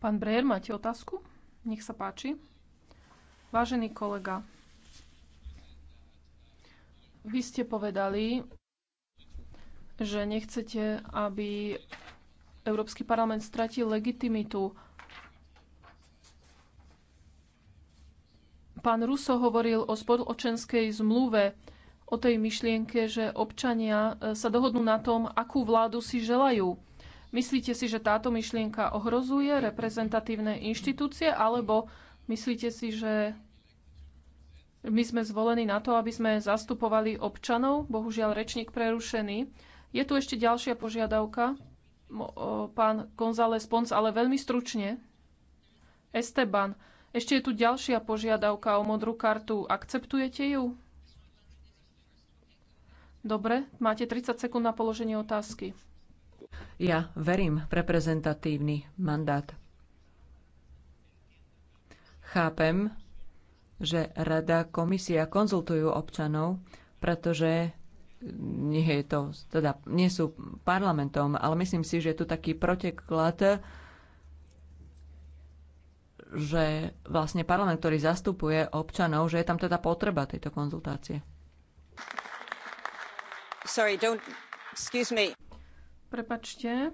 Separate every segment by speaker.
Speaker 1: Pán Brejer, máte otázku? Nech sa páči. Vážený kolega, vy ste povedali, že nechcete, aby Európsky parlament stratil legitimitu. Pán Ruso hovoril o spoločenskej zmluve, o tej myšlienke, že občania sa dohodnú na tom, akú vládu si želajú. Myslíte si, že táto myšlienka ohrozuje reprezentatívne inštitúcie, alebo myslíte si, že my sme zvolení na to, aby sme zastupovali občanov? Bohužiaľ, rečník prerušený. Je tu ešte ďalšia požiadavka, pán González Pons, ale veľmi stručne. Esteban, ešte je tu ďalšia požiadavka o modrú kartu. Akceptujete ju? Dobre, máte 30 sekúnd na položenie otázky.
Speaker 2: Ja verím v reprezentatívny mandát. Chápem, že rada, komisia konzultujú občanov, pretože nie, je to, teda nie sú parlamentom, ale myslím si, že je tu taký proteklad, že vlastne parlament, ktorý zastupuje občanov, že je tam teda potreba tejto
Speaker 1: konzultácie. Sorry, don't, excuse me. Prepačte.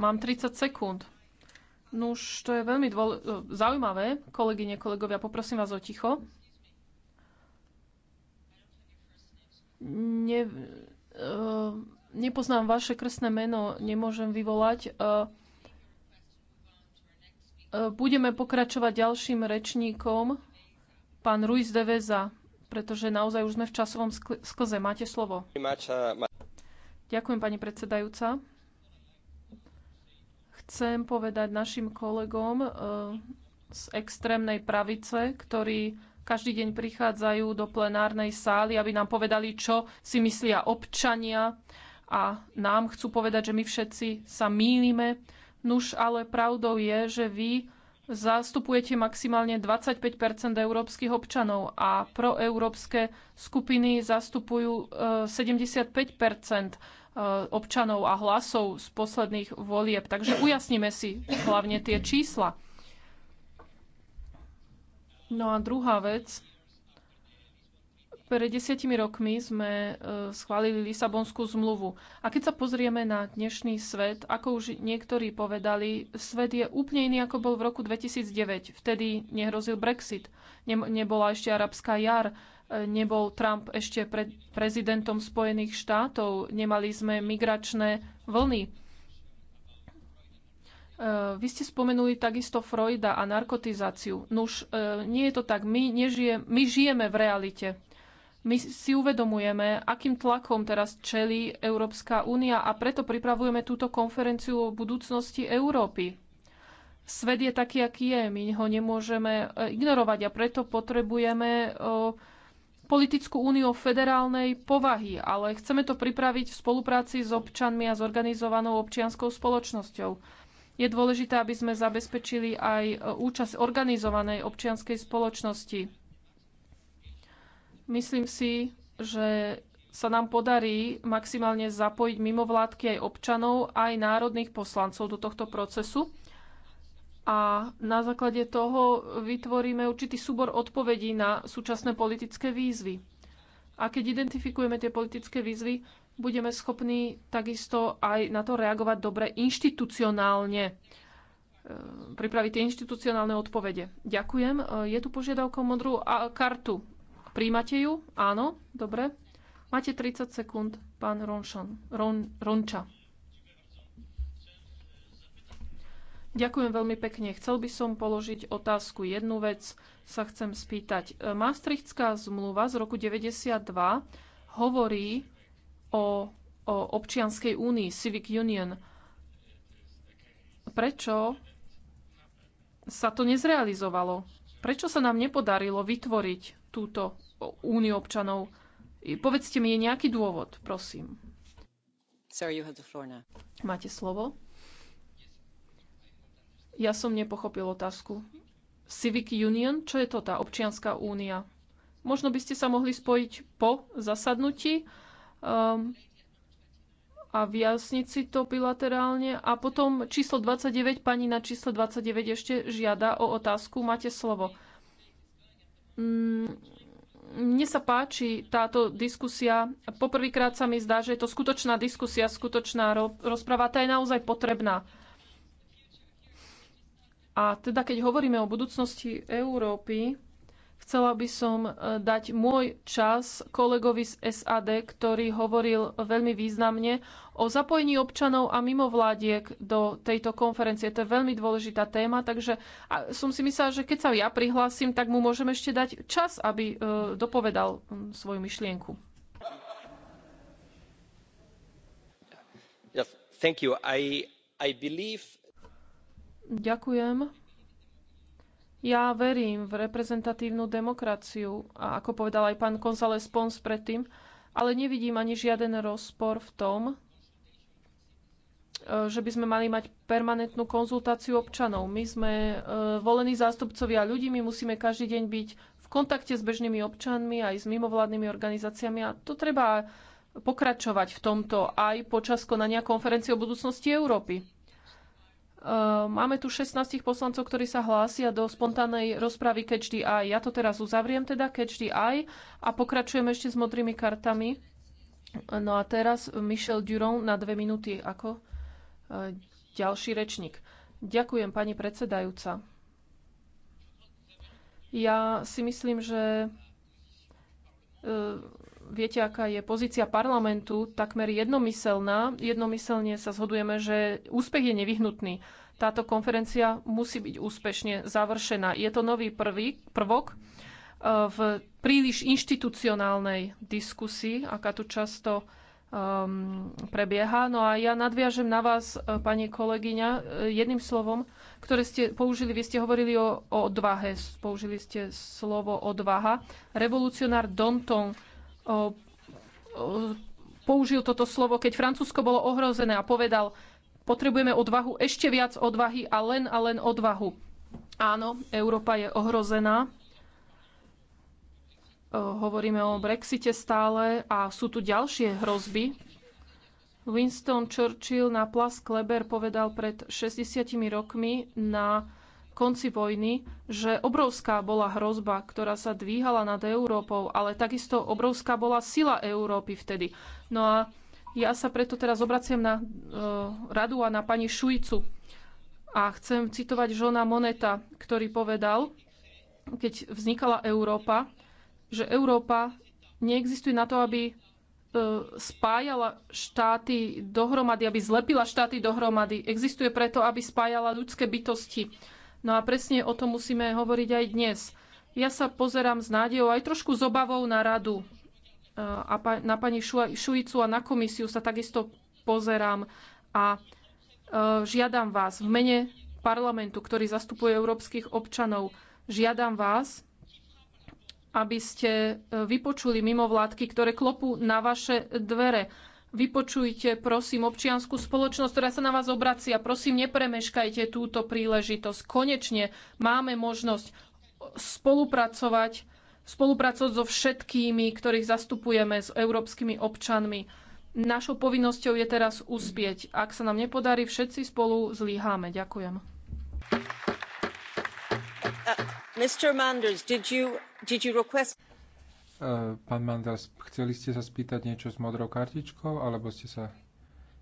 Speaker 1: Mám 30 sekúnd. Nuž, no to je veľmi dôle- zaujímavé. Kolegyne, kolegovia, poprosím vás o ticho. Ne, uh, nepoznám vaše krstné meno, nemôžem vyvolať. Uh, uh, budeme pokračovať ďalším rečníkom, pán Ruiz de Veza, pretože naozaj už sme v časovom skl- sklze. Máte slovo. Ďakujem, pani predsedajúca. Chcem povedať našim kolegom eh, z extrémnej pravice, ktorí každý deň prichádzajú do plenárnej sály, aby nám povedali, čo si myslia občania a nám chcú povedať, že my všetci sa mýlime. Nuž, ale pravdou je, že vy zastupujete maximálne 25 európskych občanov a proeurópske skupiny zastupujú 75 eh, Eh, občanov a hlasov z posledných volieb. Takže ujasníme si hlavne tie čísla. No a druhá vec. Pred desiatimi rokmi sme eh, schválili Lisabonskú zmluvu. A keď sa pozrieme na dnešný svet, ako už niektorí povedali, svet je úplne iný, ako bol v roku 2009. Vtedy nehrozil Brexit, nebola ešte arabská jar, nebol Trump ešte pred prezidentom Spojených štátov, nemali sme migračné vlny. E, vy ste spomenuli takisto Freuda a narkotizáciu. Nuž, e, nie je to tak. My, nežije, my žijeme v realite. My si uvedomujeme, akým tlakom teraz čelí Európska únia a preto pripravujeme túto konferenciu o budúcnosti Európy. Svet je taký, aký je. My ho nemôžeme e, ignorovať a preto potrebujeme uh, politickú úniu federálnej povahy, ale chceme to pripraviť v spolupráci s občanmi a s organizovanou občianskou spoločnosťou. Je dôležité, aby sme zabezpečili aj e, účasť organizovanej občianskej spoločnosti. Myslím si, že sa nám podarí maximálne zapojiť mimovládky aj občanov, aj národných poslancov do tohto procesu a na základe toho vytvoríme určitý súbor odpovedí na súčasné politické výzvy. A keď identifikujeme tie politické výzvy, budeme schopní takisto aj na to reagovať dobre inštitucionálne e, pripraviť tie inštitucionálne odpovede. Ďakujem. E, je tu požiadavka o modrú kartu. Príjmate ju? Áno, dobre. Máte 30 sekúnd, pán Ron, Ronča. Ďakujem veľmi pekne. Chcel by som položiť otázku. Jednu vec sa chcem spýtať. Maastrichtská zmluva z roku 92 hovorí o, o občianskej únii, Civic Union. Prečo sa to nezrealizovalo? Prečo sa nám nepodarilo vytvoriť túto úniu občanov? Povedzte mi, je nejaký dôvod, prosím. you have the floor now. Máte slovo. Ja som nepochopil otázku. Civic Union, čo je to tá občianská únia? Možno by ste sa mohli spojiť po zasadnutí um, a vyjasniť si to bilaterálne. A potom číslo 29, pani na číslo 29 ešte žiada o otázku. Máte slovo. Mm, mne sa páči táto diskusia. Poprvýkrát sa mi zdá, že je to skutočná diskusia, skutočná rozpráva. Tá je naozaj potrebná. A teda keď hovoríme o budúcnosti Európy, chcela by som e, dať môj čas kolegovi z SAD, ktorý hovoril veľmi významne o zapojení občanov a mimovládiek do tejto konferencie. To je veľmi dôležitá téma, takže som si myslela, že keď sa ja prihlásim, tak mu môžem ešte dať čas, aby e, dopovedal svoju myšlienku. Yes, thank you. I, I believe Ďakujem. Ja verím v reprezentatívnu demokraciu, a ako povedal aj pán González Pons predtým, ale nevidím ani žiaden rozpor v tom, e, že by sme mali mať permanentnú konzultáciu občanov. My sme e, volení zástupcovia ľudí, my musíme každý deň byť v kontakte s bežnými občanmi aj s mimovládnymi organizáciami a to treba pokračovať v tomto aj počas konania konferencie o budúcnosti Európy. Eh, máme tu 16 poslancov, ktorí sa hlásia do spontánnej rozpravy Catch Ja to teraz uzavriem teda Catch a pokračujem ešte s modrými kartami. No a teraz Michel Duron na dve minúty ako eh, ďalší rečník. Ďakujem, pani predsedajúca. Ja si myslím, že eh, viete, aká je pozícia parlamentu, takmer jednomyselná. Jednomyselne sa zhodujeme, že úspech je nevyhnutný. Táto konferencia musí byť úspešne završená. Je to nový prvý, prvok eh, v príliš inštitucionálnej diskusii, aká tu často um, prebieha. No a ja nadviažem na vás, eh, pani kolegyňa, eh, jedným slovom, ktoré ste použili. Vy ste hovorili o, o odvahe, použili ste slovo odvaha. Revolucionár Danton použil toto slovo, keď Francúzsko bolo ohrozené a povedal, potrebujeme odvahu, ešte viac odvahy a len a len odvahu. Áno, Európa je ohrozená. Hovoríme o Brexite stále a sú tu ďalšie hrozby. Winston Churchill na Plas Kleber povedal pred 60 rokmi na konci vojny, že obrovská bola hrozba, ktorá sa dvíhala nad Európou, ale takisto obrovská bola sila Európy vtedy. No a ja sa preto teraz obraciam na e, radu a na pani Šujcu. A chcem citovať Žona Moneta, ktorý povedal, keď vznikala Európa, že Európa neexistuje na to, aby e, spájala štáty dohromady, aby zlepila štáty dohromady. Existuje preto, aby spájala ľudské bytosti. No a presne o tom musíme hovoriť aj dnes. Ja sa pozerám s nádejou aj trošku s obavou na radu e, a na pani Šujicu a na komisiu sa takisto pozerám a e, žiadam vás v mene parlamentu, ktorý zastupuje európskych občanov, žiadam vás, aby ste e, vypočuli mimovládky, ktoré klopú na vaše dvere Vypočujte, prosím, občianskú spoločnosť, ktorá sa na vás obracia. Prosím, nepremeškajte túto príležitosť. Konečne máme možnosť spolupracovať, spolupracovať so všetkými, ktorých zastupujeme, s európskymi občanmi. Našou povinnosťou je teraz uspieť. Ak sa nám nepodarí, všetci spolu zlíháme. Ďakujem.
Speaker 2: Uh, Manders, did you, did you request...
Speaker 3: E, pán Manders, chceli ste sa spýtať niečo s modrou kartičkou, alebo ste sa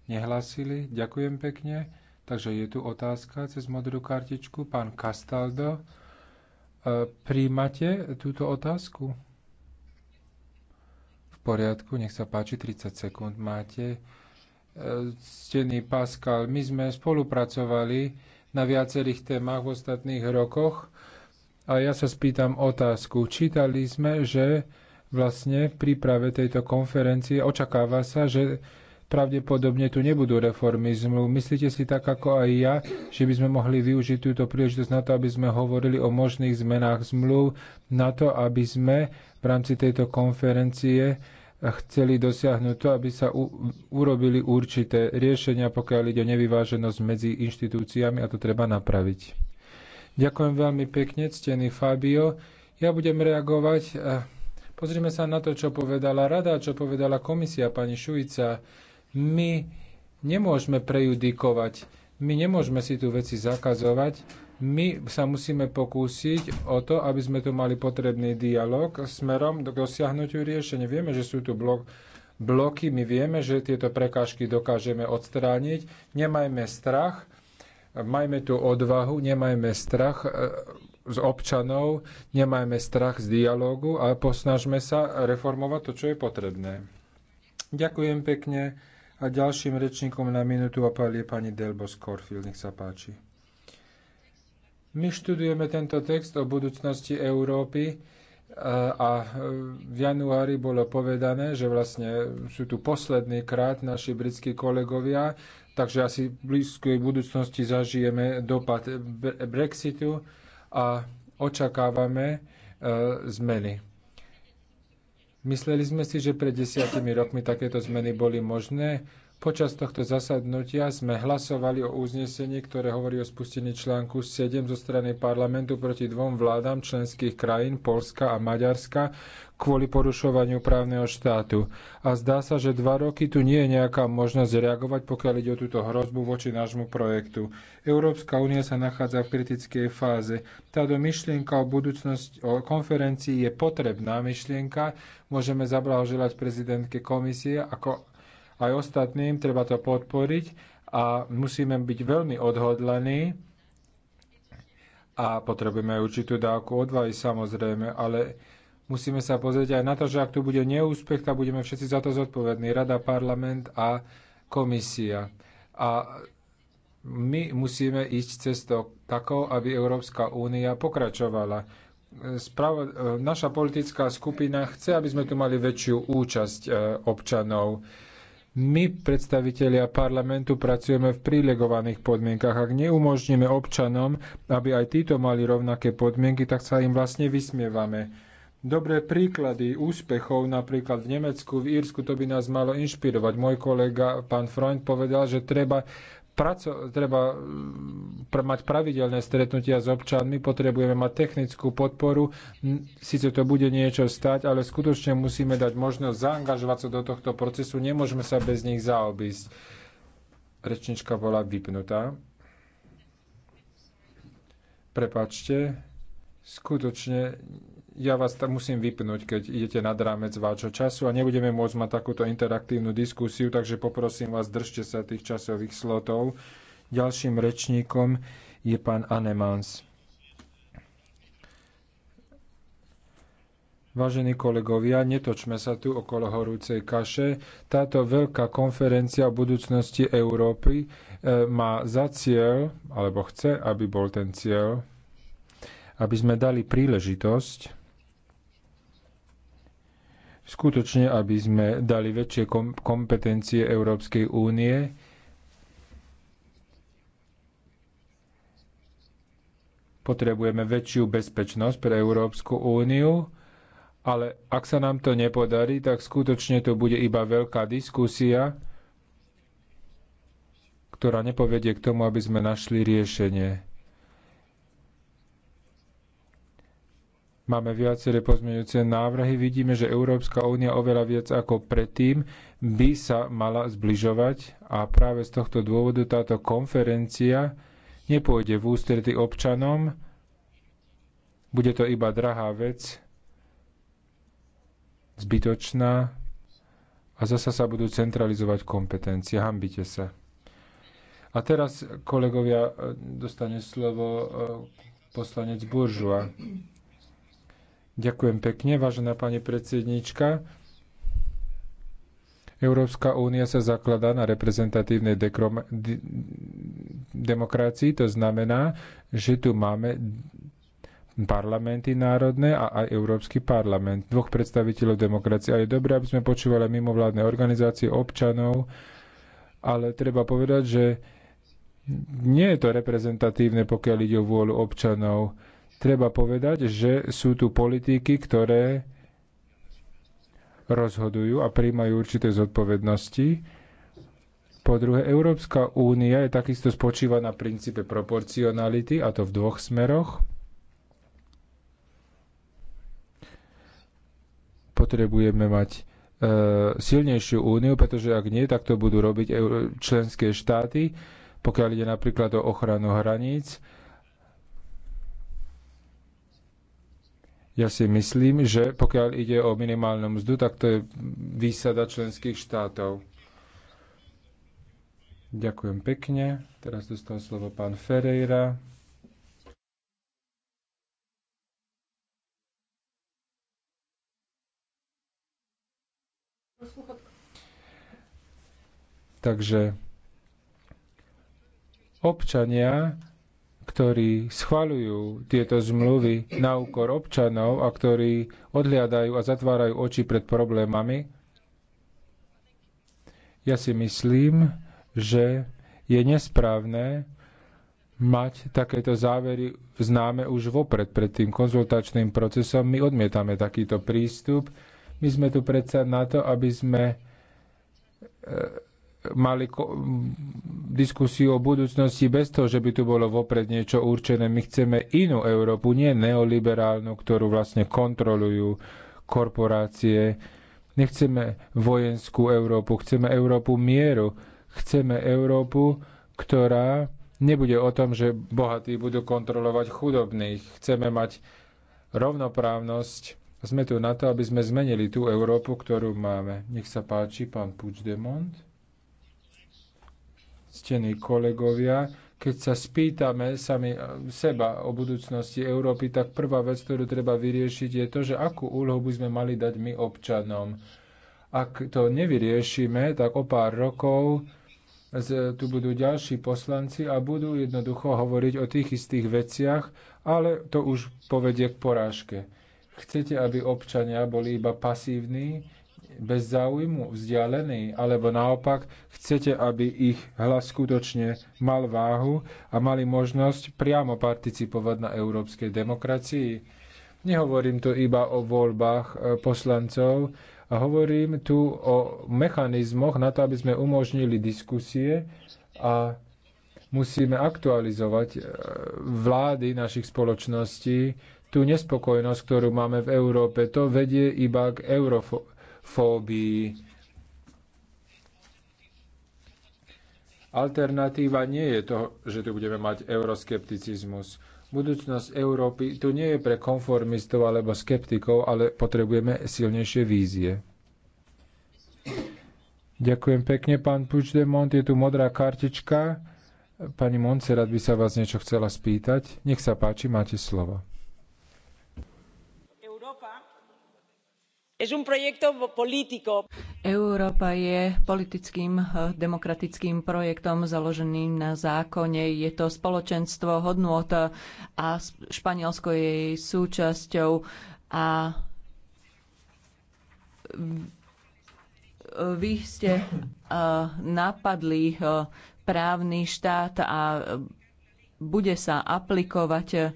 Speaker 3: nehlásili? Ďakujem pekne. Takže je tu otázka cez modrú kartičku. Pán Castaldo, e, príjmate túto otázku? V poriadku, nech sa páči, 30 sekúnd máte. Stený e, Pascal, my sme spolupracovali na viacerých témach v ostatných rokoch a ja sa spýtam otázku. Čítali sme, že vlastne v príprave tejto konferencie očakáva sa, že pravdepodobne tu nebudú reformy zmluv. Myslíte si tak ako aj ja, že by sme mohli využiť túto príležitosť na to, aby sme hovorili o možných zmenách zmluv, na to, aby sme v rámci tejto konferencie chceli dosiahnuť to, aby sa u- urobili určité riešenia, pokiaľ ide o nevyváženosť medzi inštitúciami a to treba napraviť. Ďakujem veľmi pekne, ctený Fabio. Ja budem reagovať. Pozrime sa na to, čo povedala rada, čo povedala komisia pani Šujica. My nemôžeme prejudikovať, my nemôžeme si tu veci zakazovať, my sa musíme pokúsiť o to, aby sme tu mali potrebný dialog smerom k dosiahnutiu riešenia. Vieme, že sú tu blok, bloky, my vieme, že tieto prekážky dokážeme odstrániť. Nemajme strach, Majme tu odvahu, nemajme strach e, z občanov, nemajme strach z dialógu a posnažme sa reformovať to, čo je potrebné. Ďakujem pekne a ďalším rečníkom na minútu a je pani Delbo Skorfield Nech sa páči. My študujeme tento text o budúcnosti Európy e, a v januári bolo povedané, že vlastne sú tu posledný krát naši britskí kolegovia, takže asi v blízkej budúcnosti zažijeme dopad Brexitu a očakávame e, zmeny. Mysleli sme si, že pred desiatimi rokmi takéto zmeny boli možné, Počas tohto zasadnutia sme hlasovali o uznesení, ktoré hovorí o spustení článku 7 zo strany parlamentu proti dvom vládam členských krajín, Polska a Maďarska, kvôli porušovaniu právneho štátu. A zdá sa, že dva roky tu nie je nejaká možnosť reagovať, pokiaľ ide o túto hrozbu voči nášmu projektu. Európska únia sa nachádza v kritickej fáze. Táto myšlienka o budúcnosti, o konferencii je potrebná myšlienka. Môžeme zablahoželať prezidentke komisie, ako aj ostatným, treba to podporiť a musíme byť veľmi odhodlaní a potrebujeme aj určitú dávku odvahy samozrejme, ale musíme sa pozrieť aj na to, že ak tu bude neúspech, tak budeme všetci za to zodpovední, Rada, parlament a komisia. A my musíme ísť cestou takou, aby Európska únia pokračovala. Spravo, naša politická skupina chce, aby sme tu mali väčšiu účasť e, občanov. My, predstavitelia parlamentu, pracujeme v prilegovaných podmienkach. Ak neumožníme občanom, aby aj títo mali rovnaké podmienky, tak sa im vlastne vysmievame. Dobré príklady úspechov napríklad v Nemecku, v Írsku, to by nás malo inšpirovať. Môj kolega, pán Freund, povedal, že treba praco- treba mm, pr- mať pravidelné stretnutia s občanmi, potrebujeme mať technickú podporu. Sice to bude niečo stať, ale skutočne musíme dať možnosť zaangažovať sa do tohto procesu. Nemôžeme sa bez nich zaobísť. Rečnička bola vypnutá. Prepačte, skutočne ja vás tam musím vypnúť, keď idete nad rámec vášho času a nebudeme môcť mať takúto interaktívnu diskusiu, takže poprosím vás, držte sa tých časových slotov. Ďalším rečníkom je pán Anemans. Vážení kolegovia, netočme sa tu okolo horúcej kaše. Táto veľká konferencia o budúcnosti Európy e, má za cieľ, alebo chce, aby bol ten cieľ, aby sme dali príležitosť skutočne, aby sme dali väčšie kompetencie Európskej únie potrebujeme väčšiu bezpečnosť pre Európsku úniu, ale ak sa nám to nepodarí, tak skutočne to bude iba veľká diskusia, ktorá nepovedie k tomu, aby sme našli riešenie. Máme viaceré pozmeňujúce návrhy. Vidíme, že Európska únia oveľa viac ako predtým by sa mala zbližovať a práve z tohto dôvodu táto konferencia nepôjde v ústrety občanom. Bude to iba drahá vec, zbytočná a zasa sa budú centralizovať kompetencie. Hambite sa. A teraz, kolegovia, dostane slovo e, poslanec Buržua. Ďakujem pekne, vážená pani predsedníčka. Európska únia sa zakladá na reprezentatívnej dekrom- de- demokracii, to znamená, že tu máme parlamenty národné a aj Európsky parlament, dvoch predstaviteľov demokracie. A je dobré, aby sme počúvali mimovládne organizácie občanov, ale treba povedať, že nie je to reprezentatívne, pokiaľ ide o vôľu občanov Treba povedať, že sú tu politiky, ktoré rozhodujú a príjmajú určité zodpovednosti. Po druhé, Európska únia je takisto spočíva na princípe proporcionality, a to v dvoch smeroch. Potrebujeme mať e, silnejšiu úniu, pretože ak nie, tak to budú robiť e, členské štáty, pokiaľ ide napríklad o ochranu hraníc Ja si myslím, že pokiaľ ide o minimálnu mzdu, tak to je výsada členských štátov. Ďakujem pekne. Teraz dostal slovo pán Ferreira. Takže občania ktorí schvaľujú tieto zmluvy na úkor občanov a ktorí odliadajú a zatvárajú oči pred problémami, ja si myslím, že je nesprávne mať takéto závery známe už vopred pred tým konzultačným procesom. My odmietame takýto prístup. My sme tu predsa na to, aby sme e, mali diskusiu o budúcnosti bez toho, že by tu bolo vopred niečo určené. My chceme inú Európu, nie neoliberálnu, ktorú vlastne kontrolujú korporácie. Nechceme vojenskú Európu, chceme Európu mieru, chceme Európu, ktorá nebude o tom, že bohatí budú kontrolovať chudobných. Chceme mať rovnoprávnosť. Sme tu na to, aby sme zmenili tú Európu, ktorú máme. Nech sa páči, pán Puigdemont. Stení kolegovia, keď sa spýtame sami eh, seba o budúcnosti Európy, tak prvá vec, ktorú treba vyriešiť, je to, že akú úlohu by sme mali dať my občanom. Ak to nevyriešime, tak o pár rokov tu budú ďalší poslanci a budú jednoducho hovoriť o tých istých veciach, ale to už povedie k porážke. Chcete, aby občania boli iba pasívni, bez záujmu vzdialení, alebo naopak chcete, aby ich hlas skutočne mal váhu a mali možnosť priamo participovať na európskej demokracii. Nehovorím tu iba o voľbách e, poslancov, a hovorím tu o mechanizmoch na to, aby sme umožnili diskusie a musíme aktualizovať e, vlády našich spoločností, tú nespokojnosť, ktorú máme v Európe, to vedie iba k eurofo- fóbii. Alternatíva nie je to, že tu budeme mať euroskepticizmus. Budúcnosť Európy tu nie je pre konformistov alebo skeptikov, ale potrebujeme silnejšie vízie. Ďakujem pekne, pán Puigdemont. Je tu modrá kartička. Pani Moncerat by sa vás niečo chcela spýtať. Nech sa páči, máte slovo.
Speaker 2: Európa je politickým eh, demokratickým projektom založeným na zákone. Je to spoločenstvo hodnôt eh, a Španielsko je jej súčasťou a vy ste eh, napadli právny štát a bude sa aplikovať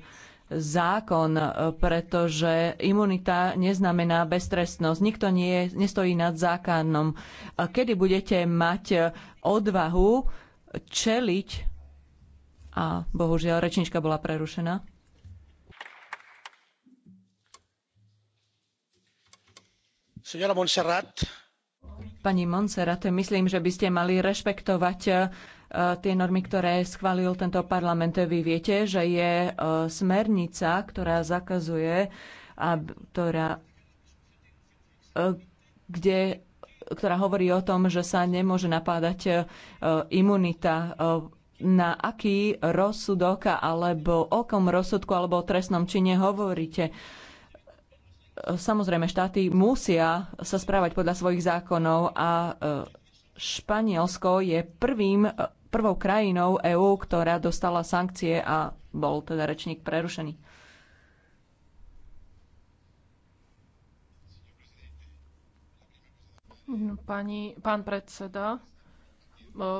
Speaker 2: zákon, e, pretože imunita neznamená beztrestnosť. Nikto nie, nestojí nad zákonom. Kedy budete mať e, odvahu čeliť? A bohužiaľ, rečnička bola prerušená. Pani Montserrat, myslím, že by ste mali rešpektovať e, Eh, tie normy, ktoré schválil tento parlament. Vy viete, že je eh, smernica, ktorá zakazuje, a ktorá, eh, kde, ktorá hovorí o tom, že sa nemôže napádať imunita na aký rozsudok alebo o kom rozsudku alebo o trestnom čine hovoríte. Samozrejme, štáty musia sa správať podľa svojich zákonov a Španielsko je prvým, prvou krajinou EÚ, ktorá dostala sankcie a bol teda
Speaker 1: rečník prerušený. No, pani, pán predseda, e,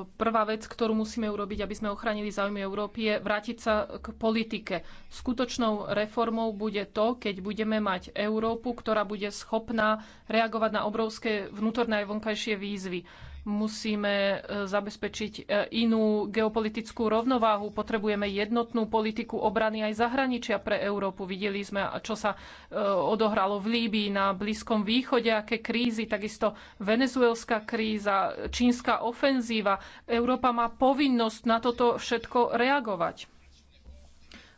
Speaker 1: prvá vec, ktorú musíme urobiť, aby sme ochránili záujmy Európy, je vrátiť sa k politike. Skutočnou reformou bude to, keď budeme mať Európu, ktorá bude schopná reagovať na obrovské vnútorné aj vonkajšie výzvy musíme e, zabezpečiť e, inú geopolitickú rovnováhu, potrebujeme jednotnú politiku obrany aj zahraničia pre Európu. Videli sme, čo sa e, odohralo v Líbii, na Blízkom východe, aké krízy, takisto venezuelská kríza, čínska ofenzíva. Európa má povinnosť na toto všetko reagovať.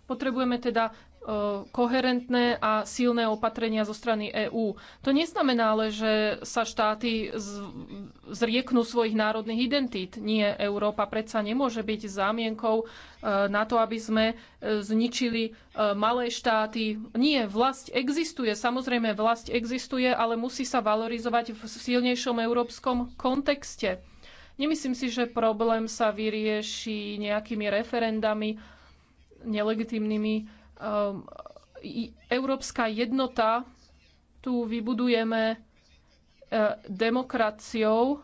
Speaker 1: Potrebujeme teda E, koherentné a silné opatrenia zo strany EÚ. To neznamená ale, že sa štáty zrieknú svojich národných identít. Nie, Európa predsa nemôže byť zámienkou e, na to, aby sme e, zničili malé štáty. Nie, vlast existuje. Samozrejme, vlast existuje, ale musí sa valorizovať v silnejšom európskom kontexte. Nemyslím si, že problém sa vyrieši nejakými referendami, nelegitímnymi Ehm, európska jednota, tu vybudujeme e, demokraciou,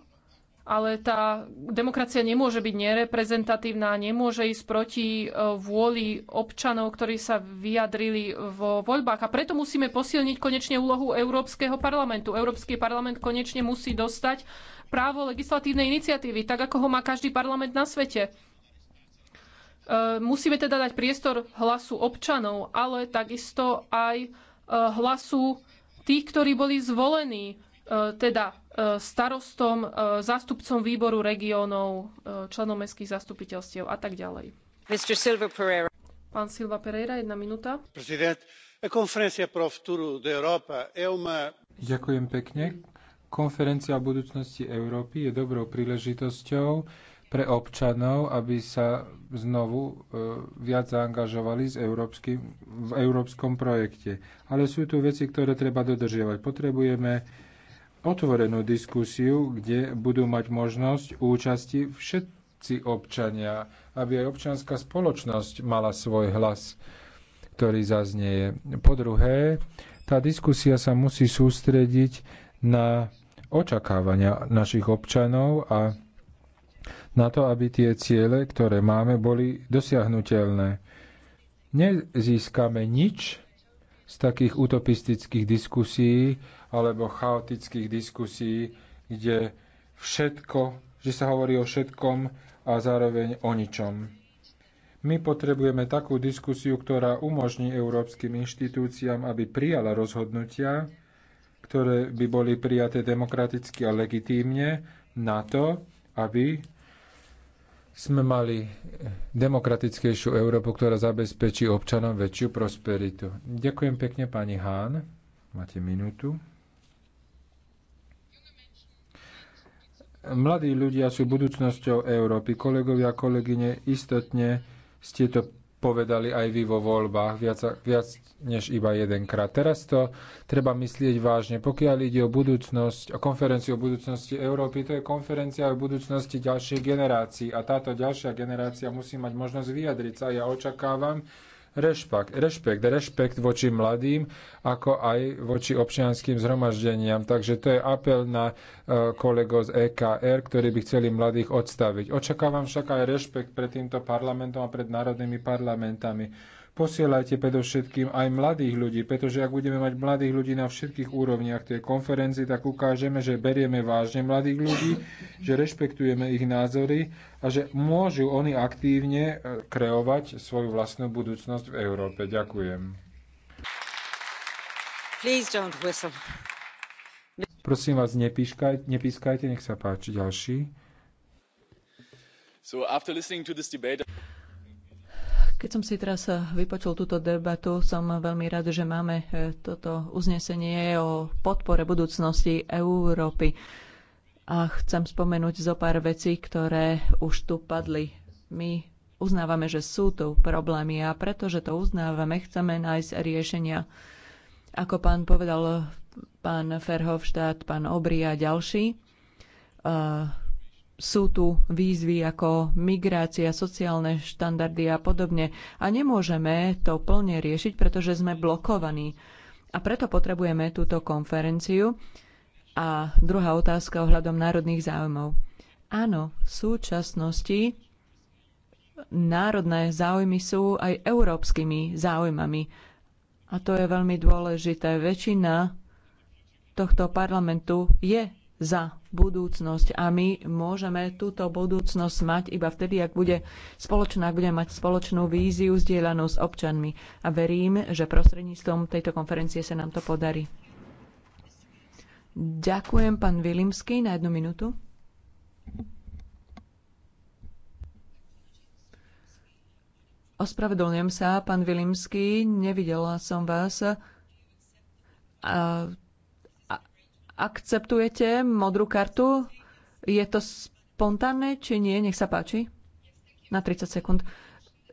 Speaker 1: ale tá demokracia nemôže byť nereprezentatívna, nemôže ísť proti e, vôli občanov, ktorí sa vyjadrili vo voľbách. A preto musíme posilniť konečne úlohu Európskeho parlamentu. Európsky parlament konečne musí dostať právo legislatívnej iniciatívy, tak ako ho má každý parlament na svete. Eh, musíme teda dať priestor hlasu občanov, ale takisto aj eh, hlasu tých, ktorí boli zvolení, eh, teda starostom, zástupcom výboru regiónov, členom mestských zastupiteľstiev a tak ďalej. Silva Pán Silva Pereira, jedna minúta.
Speaker 2: Uma...
Speaker 3: Ďakujem pekne. Konferencia o budúcnosti Európy je dobrou príležitosťou pre občanov, aby sa znovu e, viac zaangažovali s európskym, v európskom projekte. Ale sú tu veci, ktoré treba dodržiavať. Potrebujeme otvorenú diskusiu, kde budú mať možnosť účasti všetci občania, aby aj občianská spoločnosť mala svoj hlas, ktorý zaznieje. Po druhé, tá diskusia sa musí sústrediť na očakávania našich občanov a na to, aby tie ciele, ktoré máme, boli dosiahnutelné. Nezískame nič z takých utopistických diskusí alebo chaotických diskusí, kde všetko, že sa hovorí o všetkom a zároveň o ničom. My potrebujeme takú diskusiu, ktorá umožní európskym inštitúciám, aby prijala rozhodnutia, ktoré by boli prijaté demokraticky a legitímne na to, aby sme mali demokratickejšiu Európu, ktorá zabezpečí občanom väčšiu prosperitu. Ďakujem pekne, pani Hán. Máte minútu. Mladí ľudia sú budúcnosťou Európy. Kolegovia kolegyne, istotne ste to povedali aj vy vo voľbách viac, viac než iba jedenkrát. Teraz to treba myslieť vážne. Pokiaľ ide o budúcnosť, o konferenciu o budúcnosti Európy, to je konferencia o budúcnosti ďalšej generácií a táto ďalšia generácia musí mať možnosť vyjadriť sa. Ja očakávam, rešpekt, rešpekt, rešpekt voči mladým, ako aj voči občianským zhromaždeniam. Takže to je apel na e, kolego z EKR, ktorí by chceli mladých odstaviť. Očakávam však aj rešpekt pred týmto parlamentom a pred národnými parlamentami Posielajte predovšetkým aj mladých ľudí, pretože ak budeme mať mladých ľudí na všetkých úrovniach tej konferencie, tak ukážeme, že berieme vážne mladých ľudí, že rešpektujeme ich názory a že môžu oni aktívne e, kreovať svoju vlastnú budúcnosť v Európe. Ďakujem. Prosím vás, nepískajte, nepískajte, nech sa páči ďalší. So after listening to this debate...
Speaker 2: Keď som si teraz vypočul túto debatu, som veľmi rád, že máme e, toto uznesenie o podpore budúcnosti Európy. A chcem spomenúť zo pár vecí, ktoré už tu padli. My uznávame, že sú tu problémy a pretože to uznávame, chceme nájsť riešenia. Ako pán povedal pán Ferhovštát, pán Obri a ďalší, e, sú tu výzvy ako migrácia, sociálne štandardy a podobne. A nemôžeme to plne riešiť, pretože sme blokovaní. A preto potrebujeme túto konferenciu. A druhá otázka ohľadom národných záujmov. Áno, v súčasnosti národné záujmy sú aj európskymi záujmami. A to je veľmi dôležité. Väčšina tohto parlamentu je za budúcnosť a my môžeme túto budúcnosť mať iba vtedy, ak bude spoločná, ak bude mať spoločnú víziu zdieľanú s občanmi. A verím, že prostredníctvom tejto konferencie sa nám to podarí. Ďakujem, pán Vilimsky, na jednu minútu. Ospravedlňujem sa, pán Vilimsky, nevidela som vás. A Akceptujete modrú kartu? Je to spontánne či nie? Nech sa páči. Na 30 sekúnd.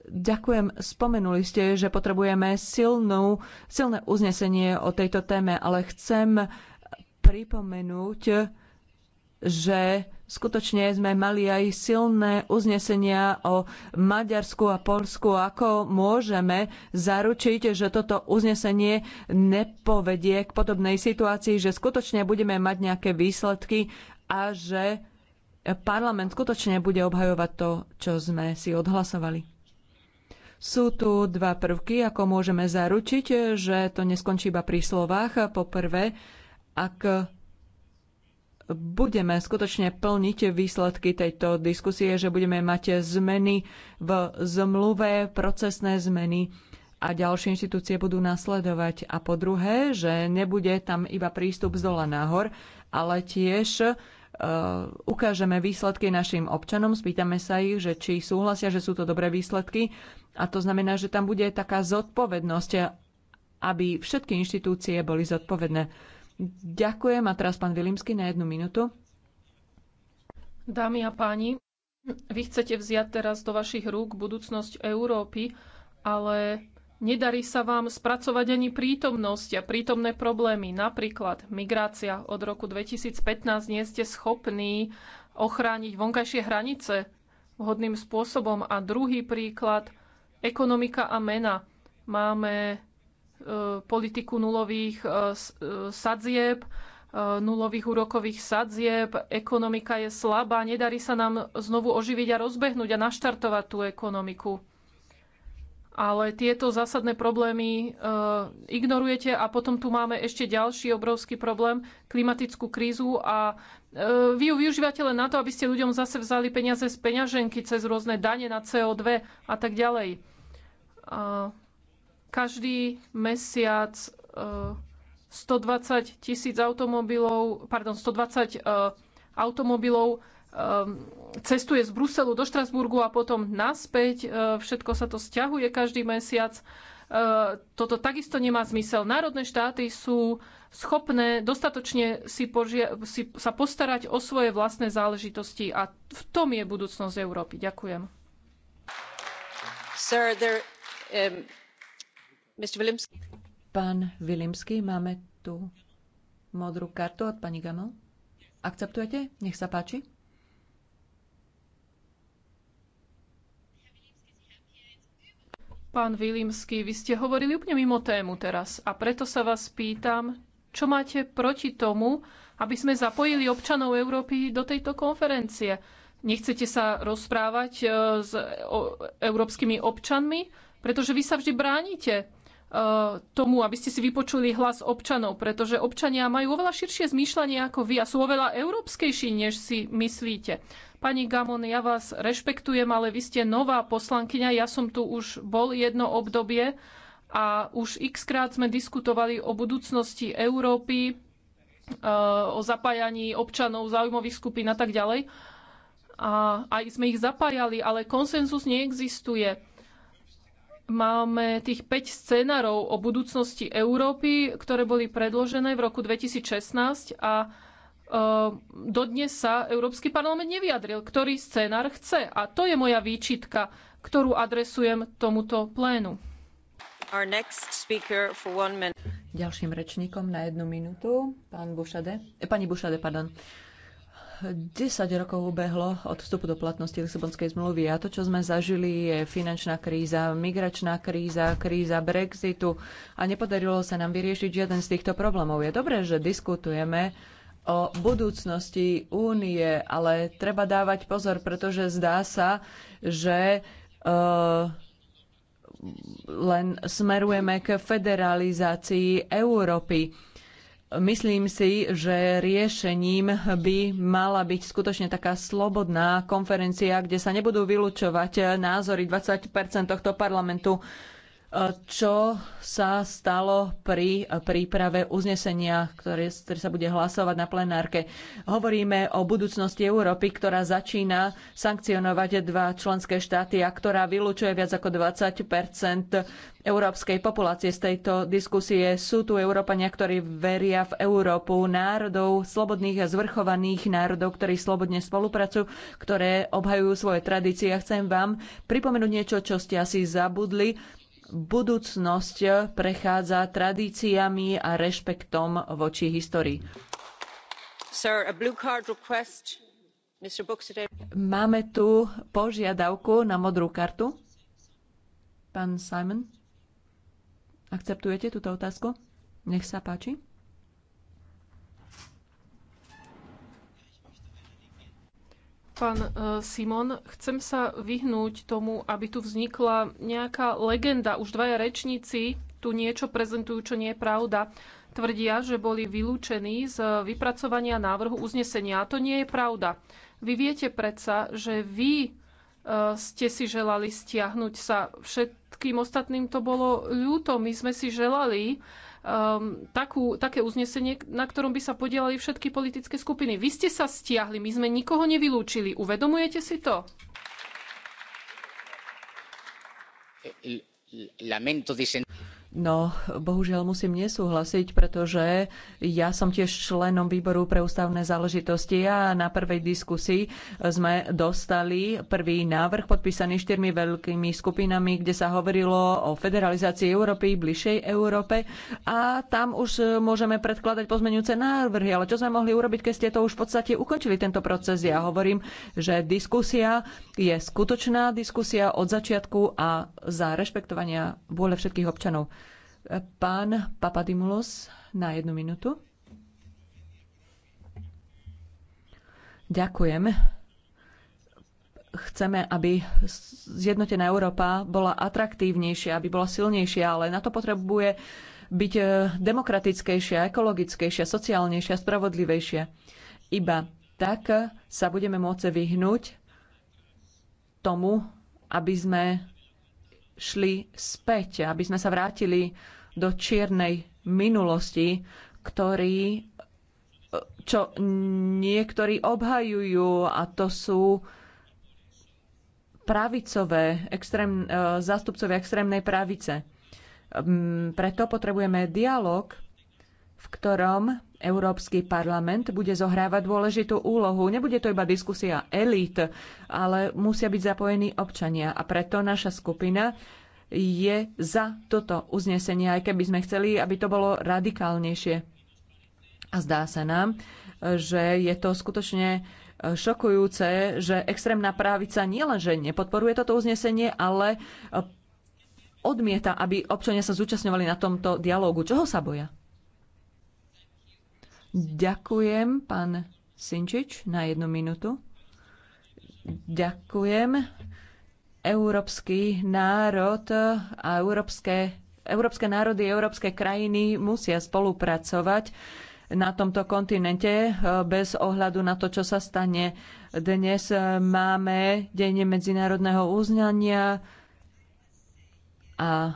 Speaker 2: Ďakujem. Spomenuli ste, že potrebujeme silnú, silné uznesenie o tejto téme, ale chcem pripomenúť, že skutočne sme mali aj silné uznesenia o Maďarsku a Polsku. Ako môžeme zaručiť, že toto uznesenie nepovedie k podobnej situácii, že skutočne budeme mať nejaké výsledky a že parlament skutočne bude obhajovať to, čo sme si odhlasovali. Sú tu dva prvky, ako môžeme zaručiť, že to neskončí iba pri slovách. Po prvé, ak budeme skutočne plniť výsledky tejto diskusie, že budeme mať zmeny v zmluve, procesné zmeny a ďalšie inštitúcie budú nasledovať. A po druhé, že nebude tam iba prístup z dola nahor, ale tiež e, ukážeme výsledky našim občanom, spýtame sa ich, že či súhlasia, že sú to dobré výsledky. A to znamená, že tam bude taká zodpovednosť, aby všetky inštitúcie boli zodpovedné Ďakujem a teraz pán Vilimsky na jednu minútu.
Speaker 1: Dámy a páni, vy chcete vziať teraz do vašich rúk budúcnosť Európy, ale nedarí sa vám spracovať ani prítomnosť a prítomné problémy, napríklad migrácia. Od roku 2015 nie ste schopní ochrániť vonkajšie hranice vhodným spôsobom. A druhý príklad, ekonomika a mena. Máme Eh, politiku nulových eh, eh, sadzieb, nulových úrokových sadzieb, ekonomika je slabá, nedarí sa nám znovu oživiť a rozbehnúť a naštartovať tú ekonomiku. Ale tieto zásadné problémy e, ignorujete a potom tu máme ešte ďalší obrovský problém, klimatickú krízu a e, vy ju využívate len na to, aby ste ľuďom zase vzali peniaze z peňaženky cez rôzne dane na CO2 a tak ďalej. A každý mesiac 120 eh, tisíc automobilov, pardon, 120 eh, automobilov eh, cestuje z Bruselu do Štrasburgu a potom naspäť. Všetko sa to stiahuje každý mesiac. Toto takisto nemá zmysel. Národné štáty sú schopné dostatočne si, požia- si sa postarať o svoje vlastné záležitosti a v tom je budúcnosť Európy. Ďakujem.
Speaker 2: Sir, there, um... Pán Vilimsky, máme tu modrú kartu od pani Gamel. Akceptujete? Nech sa páči.
Speaker 1: Pán Vilimsky, vy ste hovorili úplne mimo tému teraz a preto sa vás pýtam, čo máte proti tomu, aby sme zapojili občanov Európy do tejto konferencie? Nechcete sa rozprávať e, s e, európskymi občanmi? Pretože vy sa vždy bránite E, tomu, aby ste si vypočuli hlas občanov, pretože občania majú oveľa širšie zmýšľanie ako vy a sú oveľa európskejší, než si myslíte. Pani Gamon, ja vás rešpektujem, ale vy ste nová poslankyňa, ja som tu už bol jedno obdobie a už x krát sme diskutovali o budúcnosti Európy, e, o zapájaní občanov, záujmových skupín a tak ďalej. A aj sme ich zapájali, ale konsenzus neexistuje máme tých 5 scénarov o budúcnosti Európy, ktoré boli predložené v roku 2016 a e, dodnes sa Európsky parlament nevyjadril, ktorý scénar chce. A to je moja výčitka, ktorú adresujem tomuto plénu. Ďalším rečníkom na jednu minútu, pán
Speaker 2: Bušade, eh, pani Bušade, pardon. 10 rokov ubehlo od vstupu do platnosti Lisabonskej zmluvy a to, čo sme zažili, je finančná kríza, migračná kríza, kríza Brexitu a nepodarilo sa nám vyriešiť žiaden z týchto problémov. Je dobré, že diskutujeme o budúcnosti únie, ale treba dávať pozor, pretože zdá sa, že uh, len smerujeme k federalizácii Európy Myslím si, že riešením by mala byť skutočne taká slobodná konferencia, kde sa nebudú vylúčovať názory 20 tohto parlamentu čo sa stalo pri príprave uznesenia, ktoré, ktoré sa bude hlasovať na plenárke. Hovoríme o budúcnosti Európy, ktorá začína sankcionovať dva členské štáty a ktorá vylúčuje viac ako 20 európskej populácie z tejto diskusie. Sú tu Európania, ktorí veria v Európu národov, slobodných a zvrchovaných národov, ktorí slobodne spolupracujú, ktoré obhajujú svoje tradície. Ja chcem vám pripomenúť niečo, čo ste asi zabudli budúcnosť prechádza tradíciami a rešpektom voči histórii. Máme tu požiadavku na modrú kartu. Pán Simon, akceptujete túto otázku? Nech sa páči.
Speaker 1: Pán e, Simon, chcem sa vyhnúť tomu, aby tu vznikla nejaká legenda. Už dvaja rečníci tu niečo prezentujú, čo nie je pravda. Tvrdia, že boli vylúčení z vypracovania návrhu uznesenia. A to nie je pravda. Vy viete predsa, že vy e, ste si želali stiahnuť sa. Všetkým ostatným to bolo ľúto. My sme si želali, um, takú, také uznesenie, na ktorom by sa podielali všetky politické skupiny. Vy ste sa stiahli, my sme nikoho nevylúčili. Uvedomujete si to?
Speaker 3: Lamento disen-
Speaker 2: No, bohužiaľ musím nesúhlasiť, pretože ja som tiež členom výboru pre ústavné záležitosti a na prvej diskusii sme dostali prvý návrh podpísaný štyrmi veľkými skupinami, kde sa hovorilo o federalizácii Európy, bližšej Európe a tam už môžeme predkladať pozmeňujúce návrhy. Ale čo sme mohli urobiť, keď ste to už v podstate ukončili tento proces? Ja hovorím, že diskusia je skutočná diskusia od začiatku a za rešpektovania vôle všetkých občanov. Pán Papadimulos na jednu minútu. Ďakujem. Chceme, aby zjednotená Európa bola atraktívnejšia, aby bola silnejšia, ale na to potrebuje byť demokratickejšia, ekologickejšia, sociálnejšia, spravodlivejšia. Iba tak sa budeme môcť vyhnúť tomu, aby sme šli späť, aby sme sa vrátili do čiernej minulosti, ktorý, čo niektorí obhajujú a to sú pravicové, extrém, e, zástupcovia extrémnej pravice. Hm, preto potrebujeme dialog v ktorom Európsky parlament bude zohrávať dôležitú úlohu. Nebude to iba diskusia elít, ale musia byť zapojení občania. A preto naša skupina je za toto uznesenie, aj keby sme chceli, aby to bolo radikálnejšie. A zdá sa nám, že je to skutočne e, šokujúce, že extrémna právica nielenže nepodporuje toto uznesenie, ale e, odmieta, aby občania sa zúčastňovali na tomto dialógu. Čoho sa boja? Ďakujem, pán Sinčič, na jednu minútu. Ďakujem. Európsky národ a európske, európske národy, európske krajiny musia spolupracovať na tomto kontinente eh, bez ohľadu na to, čo sa stane. Dnes eh, máme Deň medzinárodného uznania a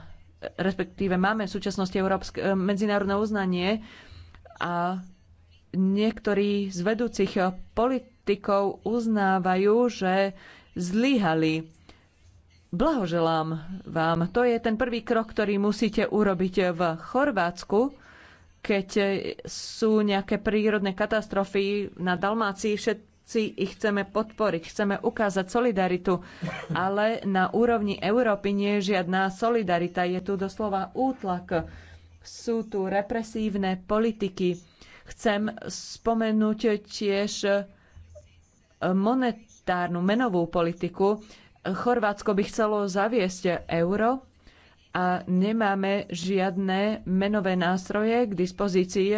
Speaker 2: respektíve máme v súčasnosti európske, eh, medzinárodné uznanie a niektorí z vedúcich politikov uznávajú, že zlyhali. Blahoželám vám. To je ten prvý krok, ktorý musíte urobiť v Chorvátsku, keď sú nejaké prírodné katastrofy na Dalmácii. Všetci ich chceme podporiť, chceme ukázať solidaritu, ale na úrovni Európy nie je žiadna solidarita. Je tu doslova útlak. Sú tu represívne politiky Chcem spomenúť tiež e, monetárnu menovú politiku. Chorvátsko by chcelo zaviesť euro a nemáme žiadne menové nástroje k dispozícii,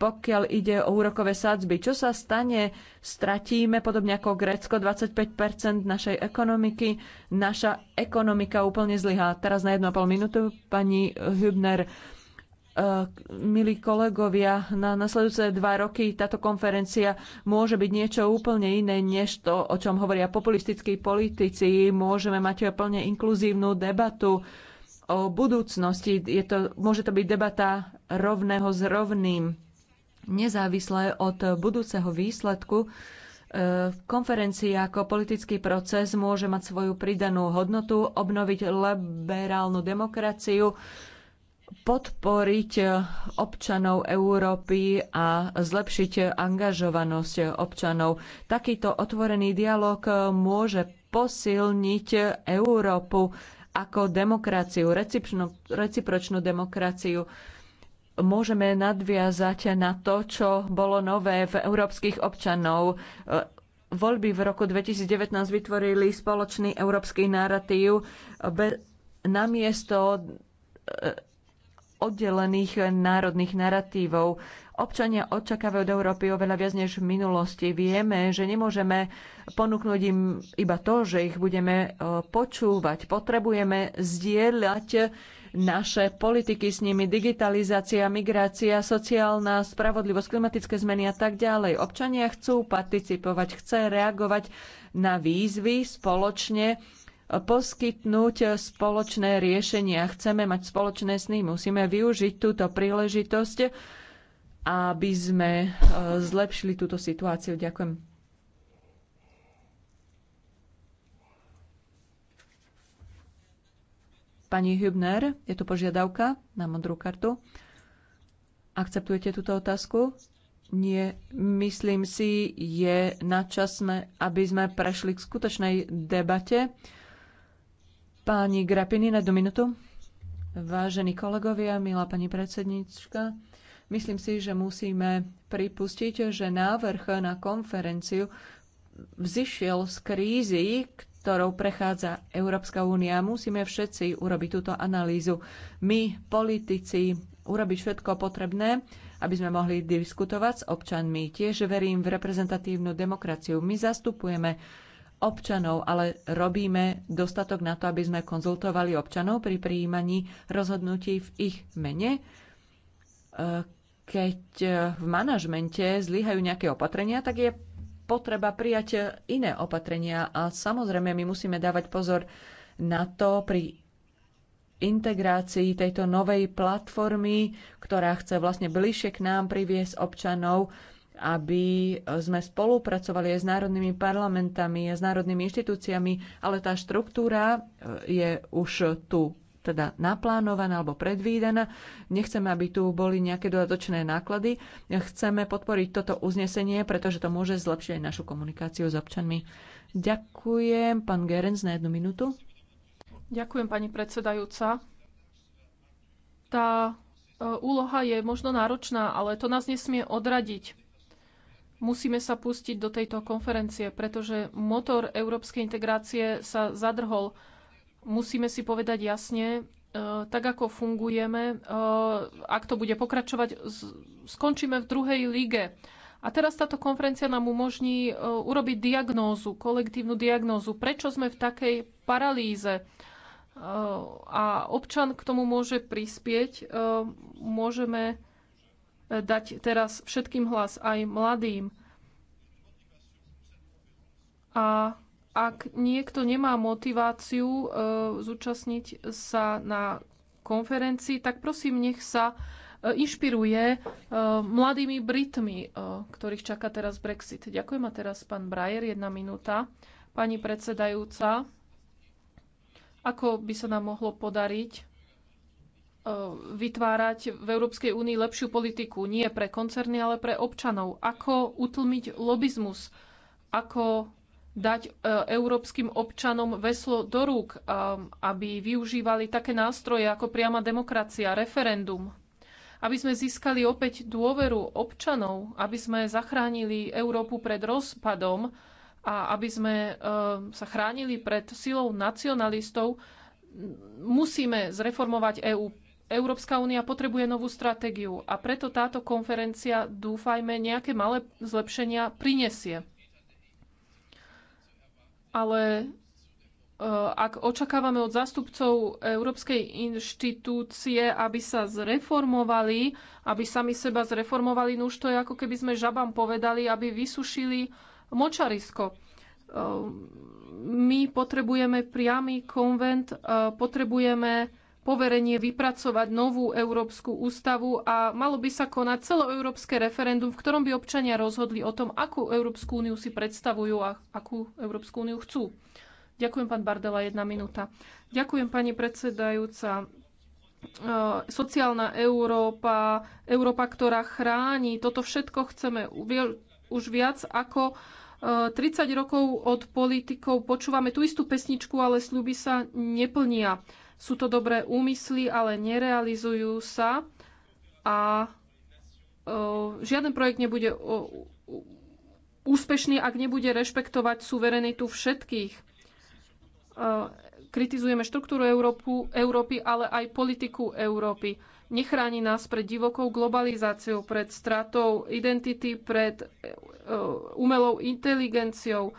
Speaker 2: pokiaľ ide o úrokové sadzby. Čo sa stane? Stratíme, podobne ako Grécko, 25 našej ekonomiky. Naša ekonomika úplne zlyhá. Teraz na 1,5 minútu, pani Hübner. Eh, milí kolegovia, na nasledujúce dva roky táto konferencia môže byť niečo úplne iné, než to, o čom hovoria populistickí politici. Môžeme mať plne inkluzívnu debatu o budúcnosti. Je to, môže to byť debata rovného s rovným, Nezávisle od budúceho výsledku. Eh, konferencia ako politický proces môže mať svoju pridanú hodnotu, obnoviť liberálnu demokraciu, podporiť občanov Európy a zlepšiť angažovanosť občanov. Takýto otvorený dialog môže posilniť Európu ako demokraciu, recipročnú, recipročnú demokraciu. Môžeme nadviazať na to, čo bolo nové v európskych občanov. Voľby v roku 2019 vytvorili spoločný európsky narratív namiesto oddelených národných narratívov. Občania očakávajú od Európy oveľa viac než v minulosti. Vieme, že nemôžeme ponúknuť im iba to, že ich budeme e, počúvať. Potrebujeme zdieľať naše politiky s nimi, digitalizácia, migrácia, sociálna spravodlivosť, klimatické zmeny a tak ďalej. Občania chcú participovať, chce reagovať na výzvy spoločne poskytnúť spoločné riešenia. Chceme mať spoločné sny, musíme využiť túto príležitosť, aby sme e, zlepšili túto situáciu. Ďakujem. Pani Hübner, je tu požiadavka na modrú kartu. Akceptujete túto otázku? Nie, myslím si, je načasné, aby sme prešli k skutočnej debate. Pani Grapini na jednu minútu. Vážení kolegovia, milá pani predsednička, myslím si, že musíme pripustiť, že návrh na konferenciu vzýšiel z krízy, ktorou prechádza Európska únia. Musíme všetci urobiť túto analýzu. My, politici, urobiť všetko potrebné, aby sme mohli diskutovať s občanmi. Tiež verím v reprezentatívnu demokraciu. My zastupujeme občanov, ale robíme dostatok na to, aby sme konzultovali občanov pri prijímaní rozhodnutí v ich mene. E, keď e, v manažmente zlyhajú nejaké opatrenia, tak je potreba prijať iné opatrenia a samozrejme my musíme dávať pozor na to pri integrácii tejto novej platformy, ktorá chce vlastne bližšie k nám priviesť občanov, aby sme spolupracovali aj s národnými parlamentami, a s národnými inštitúciami, ale tá štruktúra e, je už tu teda naplánovaná alebo predvídaná. Nechceme, aby tu boli nejaké dodatočné náklady. Chceme podporiť toto uznesenie, pretože to môže zlepšiť aj našu komunikáciu s občanmi. Ďakujem, pán Gerenc, na jednu minútu.
Speaker 1: Ďakujem, pani predsedajúca. Tá e, úloha je možno náročná, ale to nás nesmie odradiť. Musíme sa pustiť do tejto konferencie, pretože motor európskej integrácie sa zadrhol. Musíme si povedať jasne, e, tak ako fungujeme, e, ak to bude pokračovať, skončíme v druhej lige. A teraz táto konferencia nám umožní e, urobiť diagnózu, kolektívnu diagnózu, prečo sme v takej paralýze. A občan k tomu môže prispieť. Môžeme dať teraz všetkým hlas, aj mladým. A ak niekto nemá motiváciu e, zúčastniť sa na konferencii, tak prosím, nech sa e, inšpiruje e, mladými Britmi, ktorých čaká teraz Brexit. Ďakujem a teraz pán Brajer, jedna minúta. Pani predsedajúca, ako by sa nám mohlo podariť E, vytvárať v Európskej únii lepšiu politiku, nie pre koncerny, ale pre občanov. Ako utlmiť lobizmus, ako dať e, európskym občanom veslo do rúk, e, aby využívali také nástroje ako priama demokracia, referendum, aby sme získali opäť dôveru občanov, aby sme zachránili Európu pred rozpadom a aby sme sa chránili pred silou nacionalistov, musíme zreformovať EÚ Európska únia potrebuje novú stratégiu a preto táto konferencia, dúfajme, nejaké malé zlepšenia prinesie. Ale e, ak očakávame od zástupcov Európskej inštitúcie, aby sa zreformovali, aby sami seba zreformovali, no už to je ako keby sme žabám povedali, aby vysušili močarisko e, my potrebujeme priamy konvent, e, potrebujeme poverenie vypracovať novú Európsku ústavu a malo by sa konať celoeurópske referendum, v ktorom by občania rozhodli o tom, akú Európsku úniu si predstavujú a akú Európsku úniu chcú. Ďakujem, pán Bardela, jedna minúta. Ďakujem, pani predsedajúca. E, sociálna Európa, Európa, ktorá chráni, toto všetko chceme už viac ako 30 e, rokov od politikov. Počúvame tú istú pesničku, ale sľuby sa neplnia. Sú to dobré úmysly, ale nerealizujú sa a e, žiaden projekt nebude e, úspešný, ak nebude rešpektovať suverenitu všetkých. E, kritizujeme štruktúru Európu, Európy, ale aj politiku Európy. Nechráni nás pred divokou globalizáciou, pred stratou identity, pred umelou inteligenciou,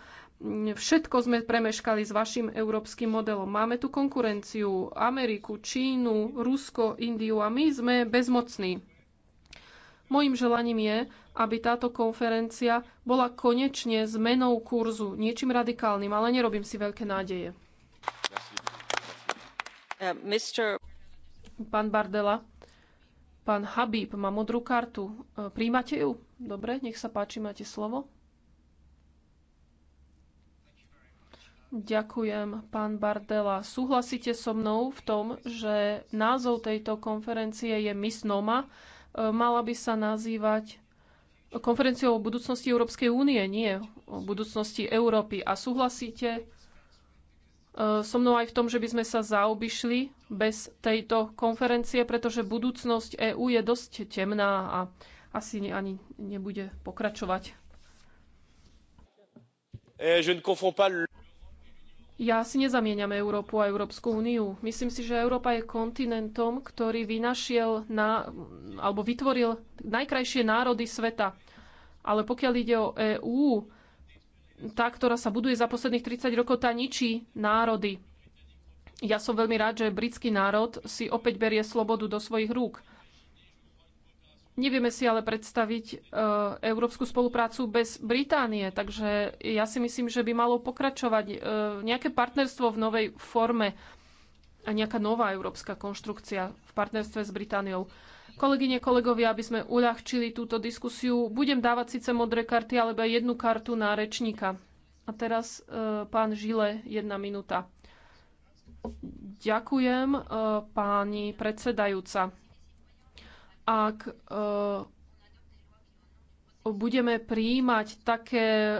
Speaker 1: Všetko sme premeškali s vašim európskym modelom. Máme tu konkurenciu Ameriku, Čínu, Rusko, Indiu a my sme bezmocní. Mojím želaním je, aby táto konferencia bola konečne zmenou kurzu, niečím radikálnym, ale nerobím si veľké nádeje. Uh, pán Bardela, pán Habib má modrú kartu. Uh, príjmate ju? Dobre, nech sa páči, máte slovo. Ďakujem, pán Bardela. Súhlasíte so mnou v tom, že názov tejto konferencie je Miss Noma. E, mala by sa nazývať konferenciou o budúcnosti Európskej únie, nie o budúcnosti Európy. A súhlasíte e, so mnou aj v tom, že by sme sa zaobišli bez tejto konferencie, pretože budúcnosť EÚ je dosť temná a asi ani nebude pokračovať. E, je ne confonds pas ja si nezamieniam Európu a Európsku úniu. Myslím si, že Európa je kontinentom, ktorý vynašiel na, alebo vytvoril najkrajšie národy sveta. Ale pokiaľ ide o EÚ, tá, ktorá sa buduje za posledných 30 rokov, tá ničí národy. Ja som veľmi rád, že britský národ si opäť berie slobodu do svojich rúk. Nevieme si ale predstaviť e, európsku spoluprácu bez Británie, takže ja si myslím, že by malo pokračovať e, nejaké partnerstvo v novej forme a nejaká nová európska konštrukcia v partnerstve s Britániou. Kolegyne, kolegovia, aby sme uľahčili túto diskusiu, budem dávať síce modré karty, alebo jednu kartu na rečníka. A teraz e, pán Žile, jedna minúta. Ďakujem, páni predsedajúca ak e, budeme prijímať také e,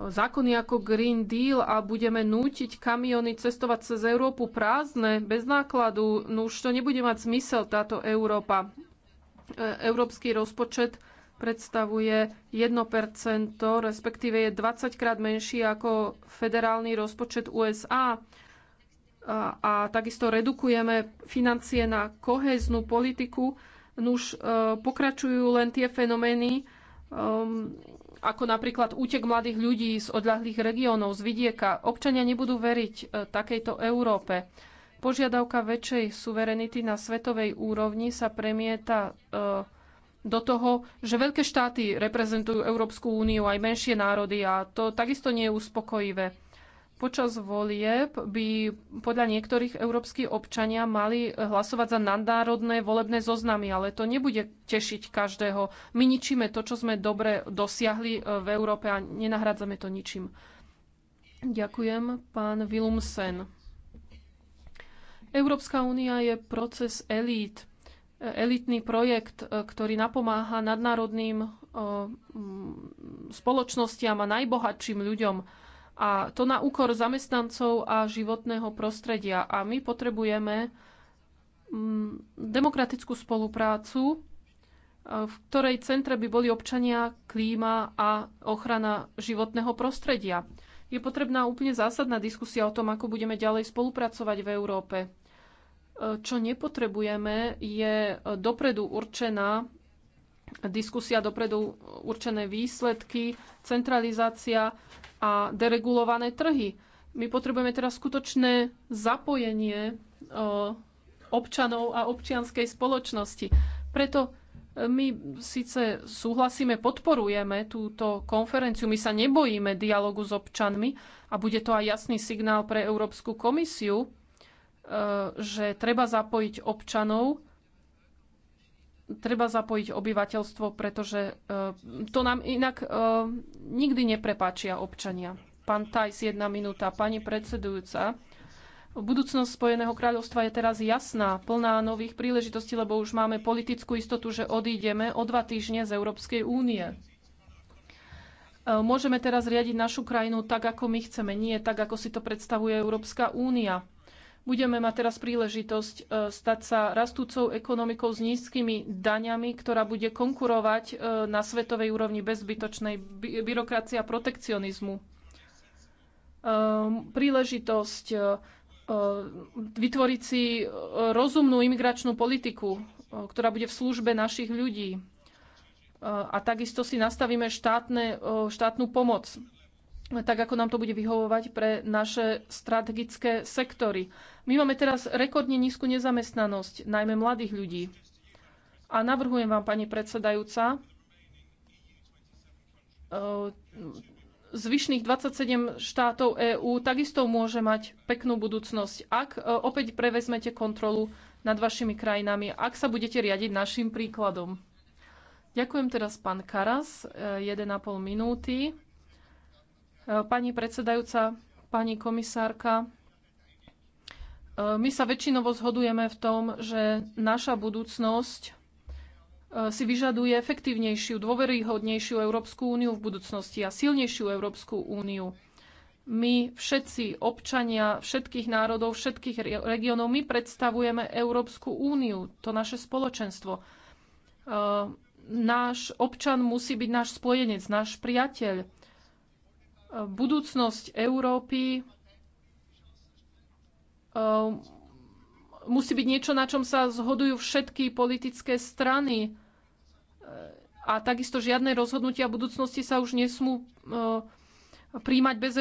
Speaker 1: zákony ako Green Deal a budeme nútiť kamiony cestovať cez Európu prázdne, bez nákladu, no už to nebude mať zmysel táto Európa. E, európsky rozpočet predstavuje 1%, respektíve je 20 krát menší ako federálny rozpočet USA a, a takisto redukujeme financie na kohéznú politiku. Nuž e, pokračujú len tie fenomény, um, ako napríklad útek mladých ľudí z odľahlých regiónov, z vidieka. Občania nebudú veriť e, takejto Európe. Požiadavka väčšej suverenity na svetovej úrovni sa premieta do toho, že veľké štáty reprezentujú Európsku úniu aj menšie národy a to takisto nie je uspokojivé. Počas volieb by podľa niektorých európskych občania mali hlasovať za nadnárodné volebné zoznamy, ale to nebude tešiť každého. My ničíme to, čo sme dobre dosiahli e, v Európe a nenahradzame to ničím. Ďakujem, pán Vilumsen. Európska únia je proces elít, e, elitný projekt, e, ktorý napomáha nadnárodným spoločnostiam a najbohatším ľuďom a to na úkor zamestnancov a životného prostredia. A my potrebujeme mm, demokratickú spoluprácu, e, v ktorej centre by boli občania, klíma a ochrana životného prostredia. Je potrebná úplne zásadná diskusia o tom, ako budeme ďalej spolupracovať v Európe. E, čo nepotrebujeme, je dopredu určená diskusia dopredu určené výsledky, centralizácia a deregulované trhy. My potrebujeme teraz skutočné zapojenie e, občanov a občianskej spoločnosti. Preto e, my síce súhlasíme, podporujeme túto konferenciu, my sa nebojíme dialogu s občanmi a bude to aj jasný signál pre Európsku komisiu, e, že treba zapojiť občanov treba zapojiť obyvateľstvo, pretože e, to nám inak e, nikdy neprepáčia občania. Pán Tajs, jedna minúta. Pani predsedujúca, budúcnosť Spojeného kráľovstva je teraz jasná, plná nových príležitostí, lebo už máme politickú istotu, že odídeme o dva týždne z Európskej únie. E, môžeme teraz riadiť našu krajinu tak, ako my chceme, nie tak, ako si to predstavuje Európska únia. Budeme mať teraz príležitosť e, stať sa rastúcou ekonomikou s nízkymi daňami, ktorá bude konkurovať e, na svetovej úrovni bezbytočnej, by byrokracie a protekcionizmu. Ehm, príležitosť e, vytvoriť si rozumnú imigračnú politiku, ktorá bude v službe našich ľudí. A takisto si nastavíme štátne, štátnu pomoc tak ako nám to bude vyhovovať pre naše strategické sektory. My máme teraz rekordne nízku nezamestnanosť, najmä mladých ľudí. A navrhujem vám, pani predsedajúca, e, zvyšných 27 štátov EÚ takisto môže mať peknú budúcnosť, ak e, opäť prevezmete kontrolu nad vašimi krajinami, ak sa budete riadiť našim príkladom. Ďakujem teraz pán Karas, 1,5 e, minúty. Pani predsedajúca, pani komisárka, my sa väčšinovo zhodujeme v tom, že naša budúcnosť e, si vyžaduje efektívnejšiu, dôveryhodnejšiu Európsku úniu v budúcnosti a silnejšiu Európsku úniu. My všetci, občania všetkých národov, všetkých regiónov, my predstavujeme Európsku úniu, to naše spoločenstvo. E, náš občan musí byť náš spojenec, náš priateľ budúcnosť Európy eh, musí byť niečo, na čom sa zhodujú všetky politické strany. A takisto žiadne rozhodnutia budúcnosti sa už nesmú eh, príjmať bez,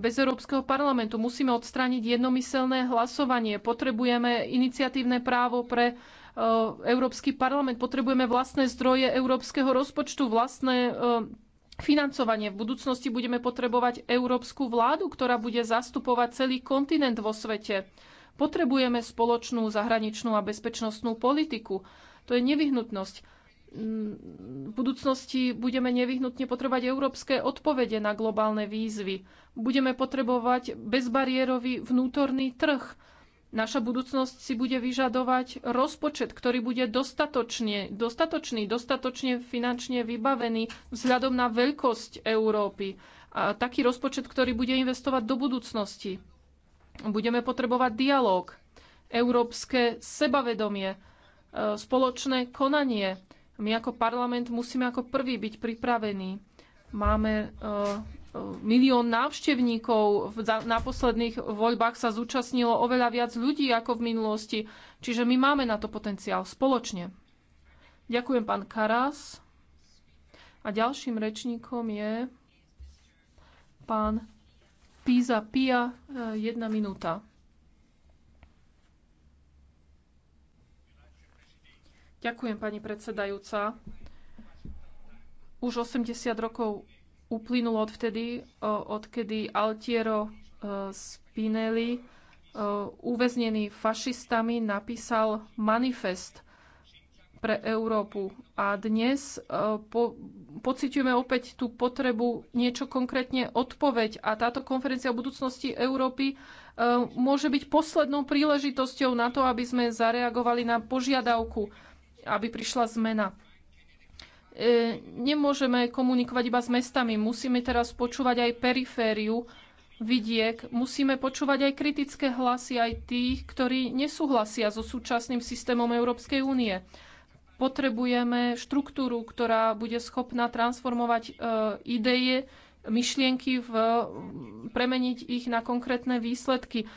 Speaker 1: bez Európskeho parlamentu. Musíme odstrániť jednomyselné hlasovanie. Potrebujeme iniciatívne právo pre eh, Európsky parlament. Potrebujeme vlastné zdroje európskeho rozpočtu, vlastné financovanie. V budúcnosti budeme potrebovať európsku vládu, ktorá bude zastupovať celý kontinent vo svete. Potrebujeme spoločnú zahraničnú a bezpečnostnú politiku. To je nevyhnutnosť. V budúcnosti budeme nevyhnutne potrebovať európske odpovede na globálne výzvy. Budeme potrebovať bezbariérový vnútorný trh Naša budúcnosť si bude vyžadovať rozpočet, ktorý bude dostatočne, dostatočný, dostatočne finančne vybavený vzhľadom na veľkosť Európy. A taký rozpočet, ktorý bude investovať do budúcnosti. Budeme potrebovať dialog, európske sebavedomie, e, spoločné konanie. My ako parlament musíme ako prvý byť pripravení. Máme e, milión návštevníkov. Na posledných voľbách sa zúčastnilo oveľa viac ľudí ako v minulosti. Čiže my máme na to potenciál spoločne. Ďakujem pán Karas. A ďalším rečníkom je pán Píza Pia, eh, jedna minúta. Ďakujem, pani predsedajúca. Už 80 rokov uplynulo odvtedy, odkedy Altiero e, Spinelli, e, uväznený fašistami, napísal manifest pre Európu. A dnes e, po, pociťujeme opäť tú potrebu niečo konkrétne odpoveď. A táto konferencia o budúcnosti Európy môže byť poslednou príležitosťou na to, aby sme zareagovali na požiadavku, aby prišla zmena nemôžeme komunikovať iba s mestami. Musíme teraz počúvať aj perifériu, vidiek. Musíme počúvať aj kritické hlasy aj tých, ktorí nesúhlasia so súčasným systémom Európskej únie. Potrebujeme štruktúru, ktorá bude schopná transformovať e, ideje, myšlienky, v, premeniť ich na konkrétne výsledky.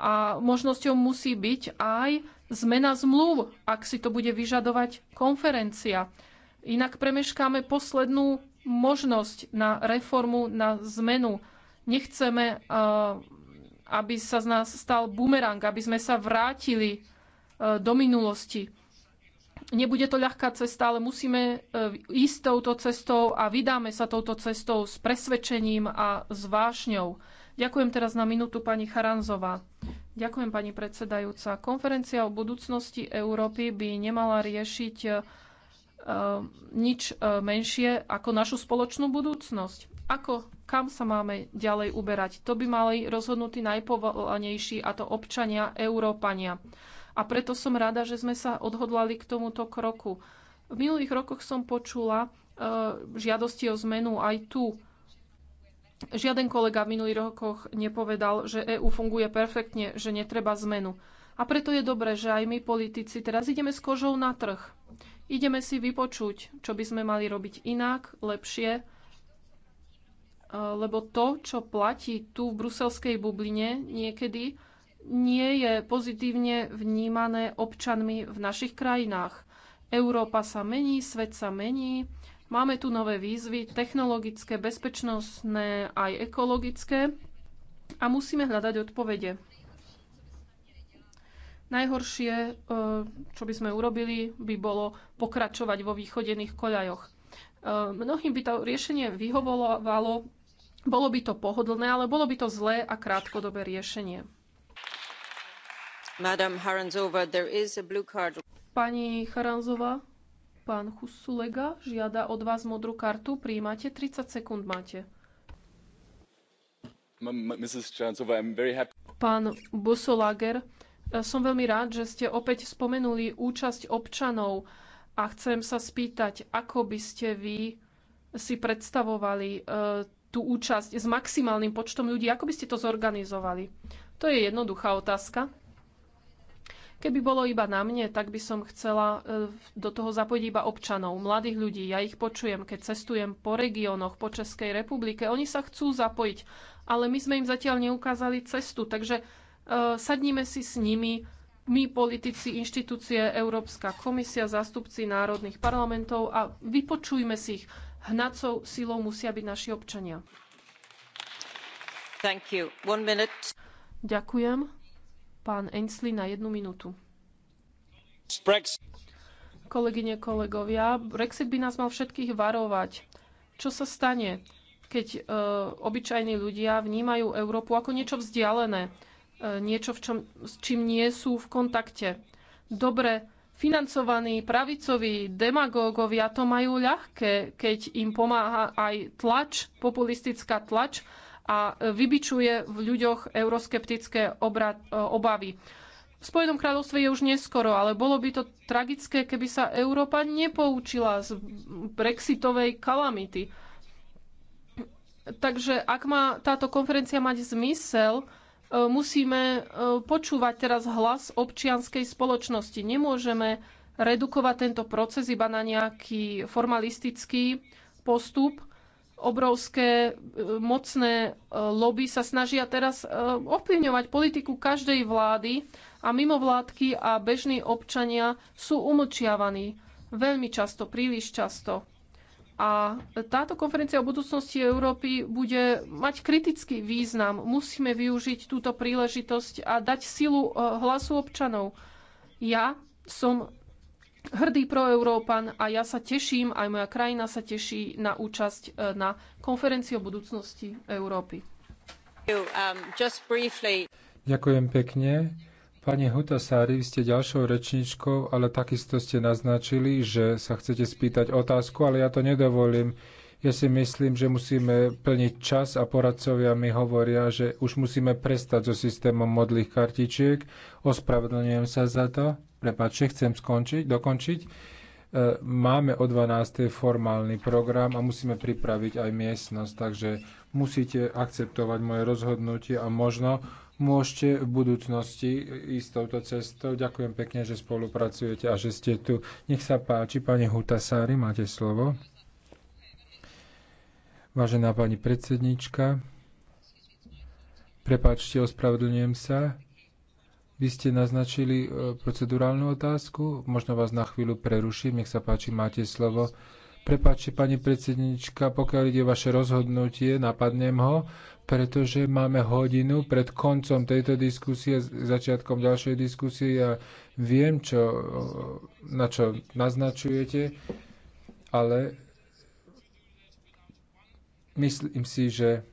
Speaker 1: A možnosťou musí byť aj zmena zmluv, ak si to bude vyžadovať konferencia. Inak premeškáme poslednú možnosť na reformu, na zmenu. Nechceme, eh, aby sa z nás stal bumerang, aby sme sa vrátili eh, do minulosti. Nebude to ľahká cesta, ale musíme eh, ísť touto cestou a vydáme sa touto cestou s presvedčením a s vášňou. Ďakujem teraz na minútu pani Charanzová. Ďakujem pani predsedajúca. Konferencia o budúcnosti Európy by nemala riešiť Ehm, nič ehm, menšie ako našu spoločnú budúcnosť. Ako, kam sa máme ďalej uberať? To by mali rozhodnutí najpovolanejší, a to občania Európania. A preto som rada, že sme sa odhodlali k tomuto kroku. V minulých rokoch som počula ehm, žiadosti o zmenu aj tu. Žiaden kolega v minulých rokoch nepovedal, že EÚ funguje perfektne, že netreba zmenu. A preto je dobré, že aj my politici teraz ideme s kožou na trh. Ideme si vypočuť, čo by sme mali robiť inak, lepšie, e, lebo to, čo platí tu v bruselskej bubline niekedy, nie je pozitívne vnímané občanmi v našich krajinách. Európa sa mení, svet sa mení, máme tu nové výzvy, technologické, bezpečnostné aj ekologické a musíme hľadať odpovede. Najhoršie, e, čo by sme urobili, by bolo pokračovať vo východených koľajoch. E, mnohým by to riešenie vyhovovalo, bolo by to pohodlné, ale bolo by to zlé a krátkodobé riešenie. Pani Haranzova, pán Husulega žiada od vás modrú kartu. Príjmate 30 sekúnd máte. Pán Busolager, E, som veľmi rád, že ste opäť spomenuli účasť občanov a chcem sa spýtať, ako by ste vy si predstavovali e, tú účasť s maximálnym počtom ľudí, ako by ste to zorganizovali? To je jednoduchá otázka. Keby bolo iba na mne, tak by som chcela e, do toho zapojiť iba občanov, mladých ľudí. Ja ich počujem, keď cestujem po regiónoch, po Českej republike. Oni sa chcú zapojiť, ale my sme im zatiaľ neukázali cestu. Takže E, sadníme si s nimi, my politici, inštitúcie, Európska komisia, zástupci národných parlamentov a vypočujme si ich. Hnacou silou musia byť naši občania. Thank
Speaker 2: you. One minute.
Speaker 1: Ďakujem. Pán Ainsley na jednu minútu. Kolegyne, kolegovia, Brexit by nás mal všetkých varovať. Čo sa stane, keď e, obyčajní ľudia vnímajú Európu ako niečo vzdialené? E, niečo, v čom, s čím nie sú v kontakte. Dobre, financovaní pravicoví demagógovia to majú ľahké, keď im pomáha aj tlač, populistická tlač a e, vybičuje v ľuďoch euroskeptické e, obavy. V Spojenom kráľovstve je už neskoro, ale bolo by to tragické, keby sa Európa nepoučila z brexitovej kalamity. Takže ak má táto konferencia mať zmysel, E, musíme e, počúvať teraz hlas občianskej spoločnosti. Nemôžeme redukovať tento proces iba na nejaký formalistický postup. Obrovské e, mocné lobby sa snažia teraz ovplyvňovať politiku každej vlády a mimovládky a bežní občania sú umlčiavaní. Veľmi často, príliš často. A táto konferencia o budúcnosti Európy bude mať kritický význam. Musíme využiť túto príležitosť a dať silu eh, hlasu občanov. Ja som hrdý pro Európan a ja sa teším, aj moja krajina sa teší na účasť eh, na konferencii o budúcnosti Európy. Um,
Speaker 3: Ďakujem pekne. Pani Hutasári, vy ste ďalšou rečničkou, ale takisto ste naznačili, že sa chcete spýtať otázku, ale ja to nedovolím. Ja si myslím, že musíme plniť čas a poradcovia mi hovoria, že už musíme prestať so systémom modlých kartičiek. Ospravedlňujem sa za to. Prepačte, chcem skončiť, dokončiť. E, máme o 12. formálny program a musíme pripraviť aj miestnosť, takže musíte akceptovať moje rozhodnutie a možno môžete v budúcnosti ísť touto cestou. Ďakujem pekne, že spolupracujete a že ste tu. Nech sa páči, pani Hutasári, máte slovo. Vážená pani predsednička, prepáčte, ospravedlňujem sa. Vy ste naznačili e, procedurálnu otázku, možno vás na chvíľu preruším, nech sa páči, máte slovo. Prepáčte, pani predsednička, pokiaľ ide vaše rozhodnutie, napadnem ho, pretože máme hodinu pred koncom tejto diskusie, začiatkom ďalšej diskusie. Ja viem, čo, na čo naznačujete, ale myslím si, že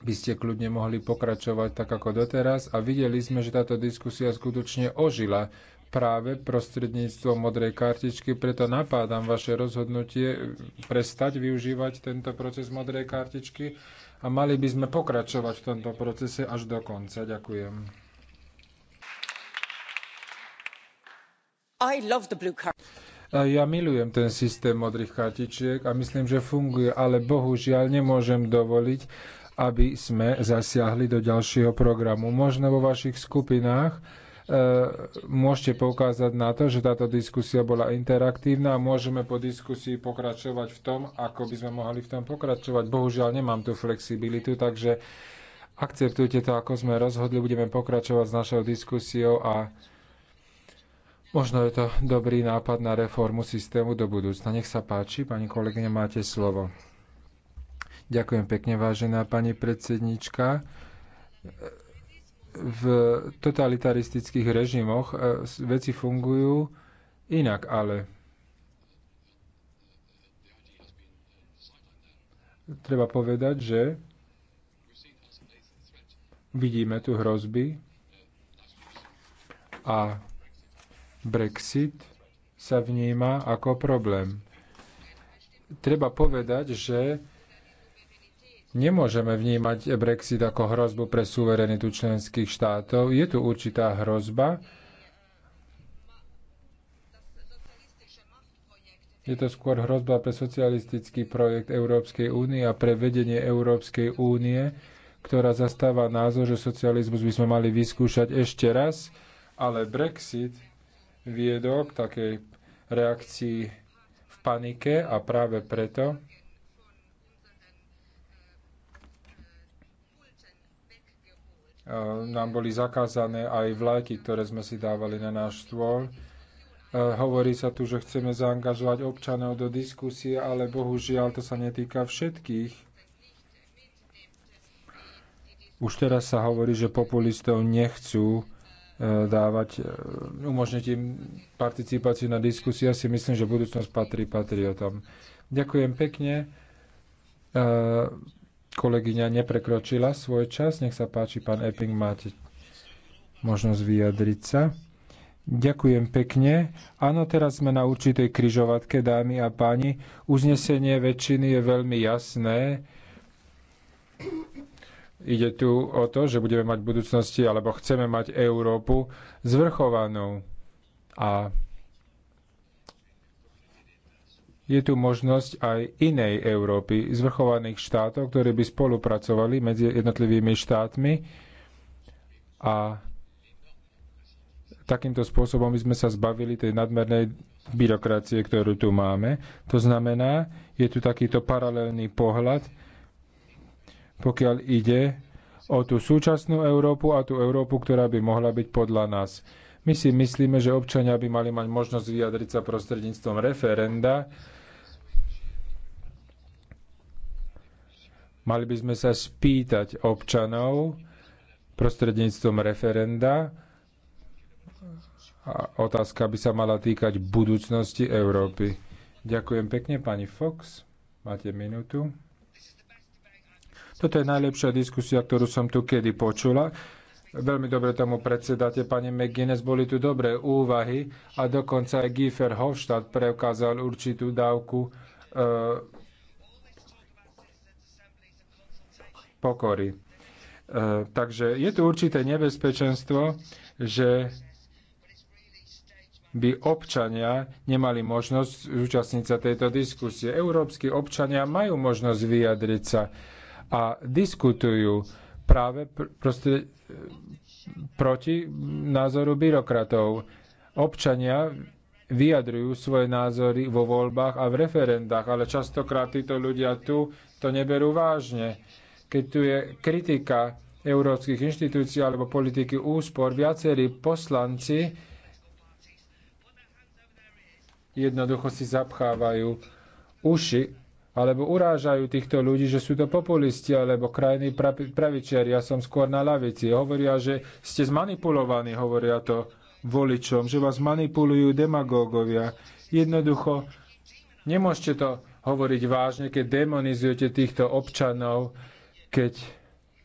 Speaker 3: by ste kľudne mohli pokračovať tak ako doteraz a videli sme, že táto diskusia skutočne ožila práve prostredníctvom modrej kartičky, preto napádam vaše rozhodnutie prestať využívať tento proces modrej kartičky a mali by sme pokračovať v tomto procese až do konca. Ďakujem.
Speaker 1: I love the blue card.
Speaker 3: Ja milujem ten systém modrých kartičiek a myslím, že funguje, ale bohužiaľ nemôžem dovoliť, aby sme zasiahli do ďalšieho programu. Možno vo vašich skupinách Eh, môžete poukázať na to, že táto diskusia bola interaktívna a môžeme po diskusii pokračovať v tom, ako by sme mohli v tom pokračovať. Bohužiaľ nemám tú flexibilitu, takže akceptujte to, ako sme rozhodli, budeme pokračovať s našou diskusiou a možno je to dobrý nápad na reformu systému do budúcna. Nech sa páči, pani kolegyne, máte slovo. Ďakujem pekne, vážená pani predsednička v totalitaristických režimoch e, veci fungujú inak, ale treba povedať, že vidíme tu hrozby a Brexit sa vníma ako problém. Treba povedať, že Nemôžeme vnímať Brexit ako hrozbu pre suverenitu členských štátov. Je tu určitá hrozba. Je to skôr hrozba pre socialistický projekt Európskej únie a pre vedenie Európskej únie, ktorá zastáva názor, že socializmus by sme mali vyskúšať ešte raz, ale Brexit viedol k takej reakcii v panike a práve preto nám boli zakázané aj vlajky, ktoré sme si dávali na náš stôl. Hovorí sa tu, že chceme zaangažovať občanov do diskusie, ale bohužiaľ to sa netýka všetkých. Už teraz sa hovorí, že populistov nechcú e, dávať, e, umožniť im participáciu na diskusiu. Ja si myslím, že budúcnosť patrí patriotom. Ďakujem pekne. E, kolegyňa neprekročila svoj čas. Nech sa páči, pán Epping, máte možnosť vyjadriť sa. Ďakujem pekne. Áno, teraz sme na určitej kryžovatke, dámy a páni. Uznesenie väčšiny je veľmi jasné. Ide tu o to, že budeme mať v budúcnosti, alebo chceme mať Európu zvrchovanú. A je tu možnosť aj inej Európy, zvrchovaných štátov, ktoré by spolupracovali medzi jednotlivými štátmi a takýmto spôsobom by sme sa zbavili tej nadmernej byrokracie, ktorú tu máme. To znamená, je tu takýto paralelný pohľad, pokiaľ ide o tú súčasnú Európu a tú Európu, ktorá by mohla byť podľa nás. My si myslíme, že občania by mali mať možnosť vyjadriť sa prostredníctvom referenda. Mali by sme sa spýtať občanov prostredníctvom referenda. A otázka by sa mala týkať budúcnosti Európy. Ďakujem pekne, pani Fox. Máte minútu. Toto je najlepšia diskusia, ktorú som tu kedy počula. Veľmi dobre tomu predsedáte, pani McGuinness, boli tu dobré úvahy a dokonca aj Giefer Hofstadt preukázal určitú dávku uh, pokory. Uh, takže je tu určité nebezpečenstvo, že by občania nemali možnosť zúčastniť sa tejto diskusie. Európsky občania majú možnosť vyjadriť sa a diskutujú práve pr- e, proti názoru byrokratov. Občania vyjadrujú svoje názory vo voľbách a v referendách, ale častokrát títo ľudia tu to neberú vážne. Keď tu je kritika európskych inštitúcií alebo politiky úspor, viacerí poslanci jednoducho si zapchávajú uši alebo urážajú týchto ľudí, že sú to populisti alebo krajní pravičiari. Ja som skôr na lavici. Hovoria, že ste zmanipulovaní, hovoria to voličom, že vás manipulujú demagógovia. Jednoducho, nemôžete to hovoriť vážne, keď demonizujete týchto občanov, keď...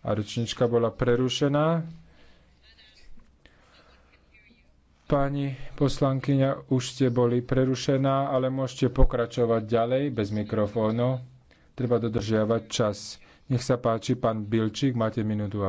Speaker 3: A rečnička bola prerušená. Pani poslankyňa, už ste boli prerušená, ale môžete pokračovať ďalej bez mikrofónu. Treba dodržiavať čas. Nech sa páči, pán Bilčík, máte minútu